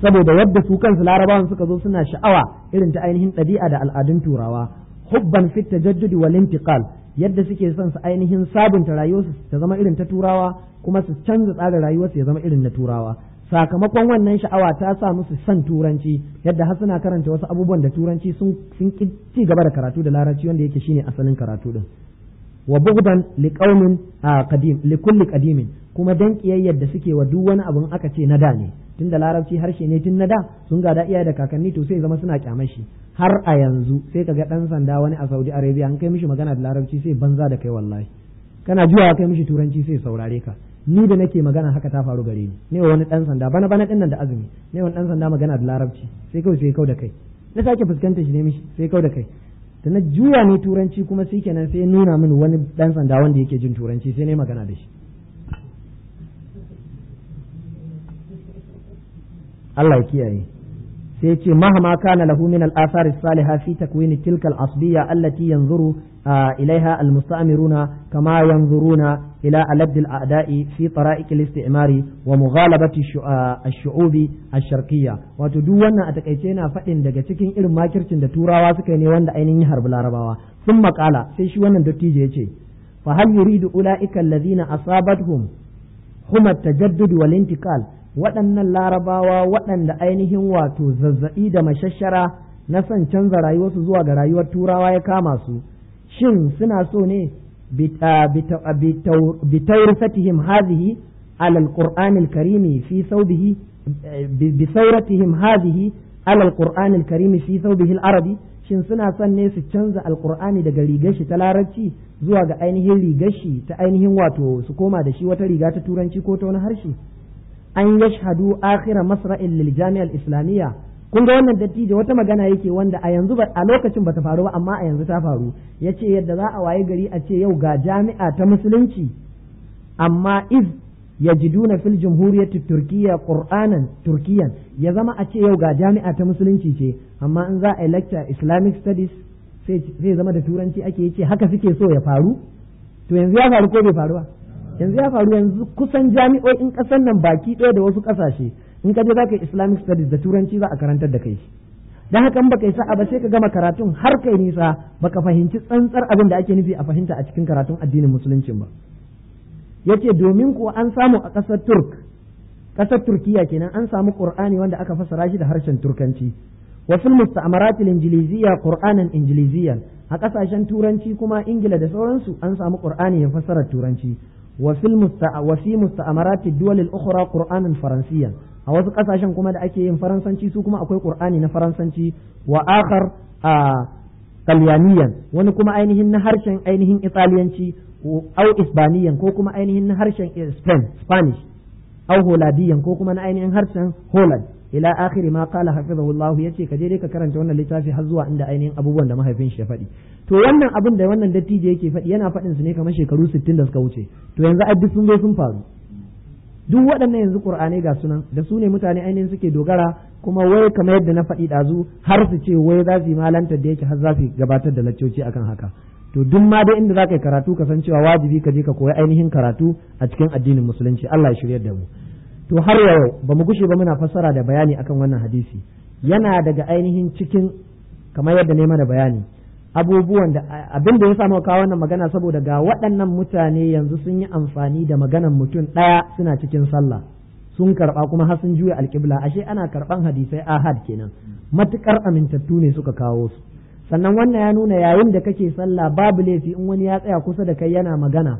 saboda yadda su kansu larabawan suka zo suna sha'awa irin ta ainihin ɗabi'a da al'adun turawa hubban fitta tajaddudi wal intiqal yadda suke son su ainihin sabunta rayuwarsu ta zama irin ta turawa kuma su canza tsarin rayuwarsu ya zama irin na turawa sakamakon wannan sha'awa ta sa musu son turanci yadda har suna karanta wasu abubuwan da turanci sun ci gaba da karatu da larabci wanda yake shine asalin karatu din wa bughdan liqaumin qadim likulli qadimin kuma dan kiyayyar da suke wa duk wani abun aka ce na da ne tunda larabci harshe ne tun na da sun gada iyaye da kakanni to sai zama suna kyamar shi har a yanzu sai kaga dan sanda wani a Saudi Arabia an kai mishi magana da larabci sai banza da kai wallahi kana jiwa kai mishi turanci sai saurare ka ni da nake magana haka ta faru gare ni ne wani dan sanda bana bana din nan da azumi ne wani dan sanda magana da larabci sai kawai sai kau da kai na sake fuskantar shi ne mishi sai kau da kai da na juya ne turanci kuma sai kenan sai nuna min wani dan sanda wanda yake jin turanci sai ne magana da shi Allah ya kiyaye sai ce mahama kana lahu min al-athar as-salihah fi takwin tilka al-asbiya allati yanzuru ilaiha al-musta'miruna kama yanzuruna إلى ألد الأعداء في طرائق الاستعمار ومغالبة الشعوب الشرقية وتدونا أتكيتنا فإن دقتكين إلو ماكرتين دتورا واسكيني وان دعينين يهرب العرباوة ثم قال سيشوانا دتيجي فهل يريد أولئك الذين أصابتهم هم التجدد والانتقال waɗannan larabawa waɗanda ainihin wato zazzaɓi da mashashara na son canza rayuwarsu zuwa ga rayuwar turawa ya kama su shin suna so ne بتورثتهم هذه على القرآن الكريم في ثوبه بثورتهم هذه على القرآن الكريم في ثوبه العربي shin suna son ne su canza alkur'ani daga rigar shi ta larabci zuwa ga ainihin rigar shi ta ainihin wato su koma da shi wata riga ta turanci ko ta wani harshe an yashhadu akhira masra'in lil jami'al islamiyya kun ga wannan dattijo wata magana yake wanda a yanzu a lokacin bata faru ba amma a yanzu ta faru ya ce yadda za a waye gari a ce yau ga jami'a ta musulunci amma iz duna fil jamhuriyar turkiyya qur'anan turkiyan ya zama a ce yau ga jami'a ta musulunci ce amma in za a yi lecture islamic studies sai zama da turanci ake ce haka suke so ya faru to yanzu ya faru ko bai faru ba yanzu ya faru yanzu kusan jami'o'in ƙasar nan baki ɗaya da wasu ƙasashe in ka je za ka yi islamic studies da turanci za a karantar da kai dan haka baka yi sa'a ba sai ka gama karatun har kai nisa baka fahimci tsantsar abin da ake nufi a fahimta a cikin karatun addinin musulunci ba yace domin kuwa an samu a ƙasar turk ƙasar turkiya kenan an samu qur'ani wanda aka fassara shi da harshen turkanci wasu musta'amaratil injiliziya qur'anan injiliziyan a ƙasashen turanci kuma ingila da sauransu an samu qur'ani ya fassara turanci wasu musta'amaratil duwalil ukhra qur'anan faransiyan a wasu kasashen kuma da ake yin faransanci su kuma akwai qur'ani na faransanci wa akhar a talyaniyan wani kuma ainihin na harshen ainihin italiyanci au isbaniyan ko kuma ainihin na harshen eh, spain spanish au holadiyan ko kuma na ainihin harshen holand ila akhiri ma qala hafizahullah yace ka je dai ka karanta wannan littafi har zuwa inda ainihin abubuwan da mahaifin shi ya faɗi to wannan abin da wannan dattijo yake faɗi yana faɗin su ne kamar shekaru 60 da suka wuce to yanzu ai duk sun zo sun faru duk waɗannan yanzu ƙur'ani ga sunan da su ne mutane ainihin suke dogara kuma wai kamar yadda na faɗi ɗazu har su ce wai za su yi da yake har za su gabatar da laccoci akan haka to duk ma dai inda za ka yi karatu ka san cewa wajibi ka je ka koyi ainihin karatu a cikin addinin musulunci Allah ya shiryar da mu to har yau ba mu gushe ba muna fassara da bayani akan wannan hadisi yana daga ainihin cikin kamar yadda yi mana bayani abubuwan da abin da ya samu kawo wannan magana saboda ga waɗannan mutane yanzu sun yi amfani da maganan mutum ɗaya suna cikin sallah sun karɓa kuma har sun juya alƙibla ashe ana karɓan hadisai ahad kenan matuƙar amintattu ne suka kawo su sannan wannan ya nuna yayin da kake sallah babu laifi in wani ya tsaya kusa da kai yana magana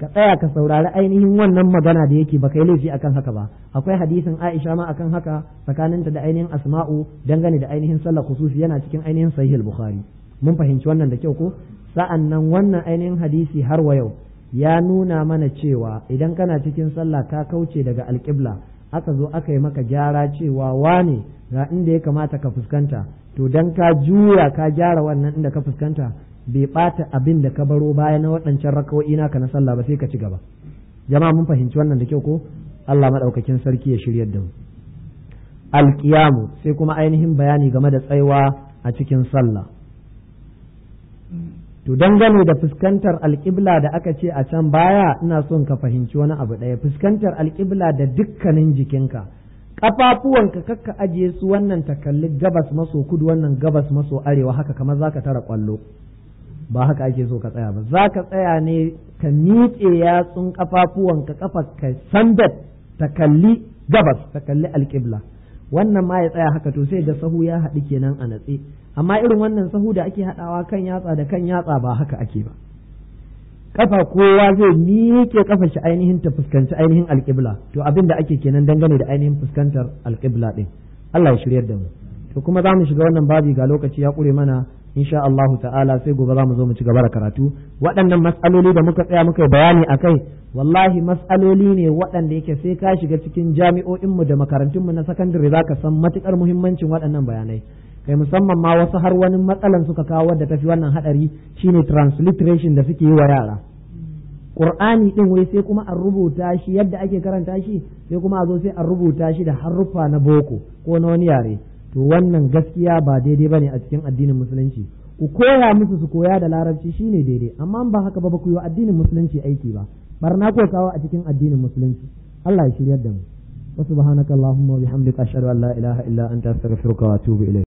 ka tsaya ka saurari ainihin wannan magana da yake ba kai laifi akan haka ba akwai hadisin Aisha ma akan haka tsakaninta da ainihin Asma'u dangane da ainihin sallah kusufi yana cikin ainihin sahih al-Bukhari mun fahimci wannan da kyau ko sa'an nan wannan ainihin hadisi har wa yau ya nuna mana cewa idan kana cikin sallah ka kauce daga alƙibla aka zo aka yi maka gyara cewa wane ga inda ya kamata ka fuskanta to dan ka juya ka gyara wannan inda ka fuskanta bai ɓata abin da ka baro baya na waɗancan rakawo'i naka na sallah ba sai ka ci gaba jama'a mun fahimci wannan da kyau ko Allah madaukakin sarki ya shiryar da mu alqiyamu sai kuma ainihin bayani game da tsaiwa a cikin sallah to dangane da fuskantar alƙibla da aka ce a can baya ina son ka fahimci wani abu ɗaya fuskantar alƙibla da dukkanin jikinka ƙafafuwanka kakka ajiye su wannan ta kalli gabas maso kudu wannan gabas maso arewa haka kamar zaka tara ƙwallo ba haka ake so ka tsaya ba za ka tsaya ne ka miƙe yatsun ƙafafuwanka ƙafar ka sandat ta kalli gabas ta kalli alƙibla wannan ma ya tsaya haka to sai da sahu ya haɗu kenan a natse amma irin wannan sahu da ake haɗawa kan yatsa da kan yatsa ba haka ake ba kafa kowa zai miƙe kafa shi ainihin ta fuskanci ainihin alƙibla to abin da ake kenan dangane da ainihin fuskantar alƙibla ɗin Allah ya shiryar da mu to kuma za mu shiga wannan babi ga lokaci ya ƙure mana insha Allah ta'ala sai gobe za mu zo mu ci gaba da karatu waɗannan matsaloli da muka tsaya muka bayani a kai wallahi matsaloli ne waɗanda yake sai ka shiga cikin jami'o'inmu da makarantunmu na sakandare za ka san matuƙar muhimmancin waɗannan bayanai kai eh, musamman ma wasu har wani matsalan suka kawo wadda tafi wannan hadari shine transliteration da suke yi wa yara qur'ani din wai sai kuma an rubuta shi yadda ake karanta shi sai kuma a zo sai an rubuta shi da haruffa na boko ko na wani yare to wannan gaskiya ba daidai bane a cikin addinin musulunci ku koya musu su koya da larabci shine daidai amma ba haka ba ba ku yi addinin musulunci aiki ba barna ko kawo a cikin addinin musulunci Allah ya shiryar da mu wa subhanakallahumma wa bihamdika ashhadu an la ilaha illa anta astaghfiruka wa atubu ilayk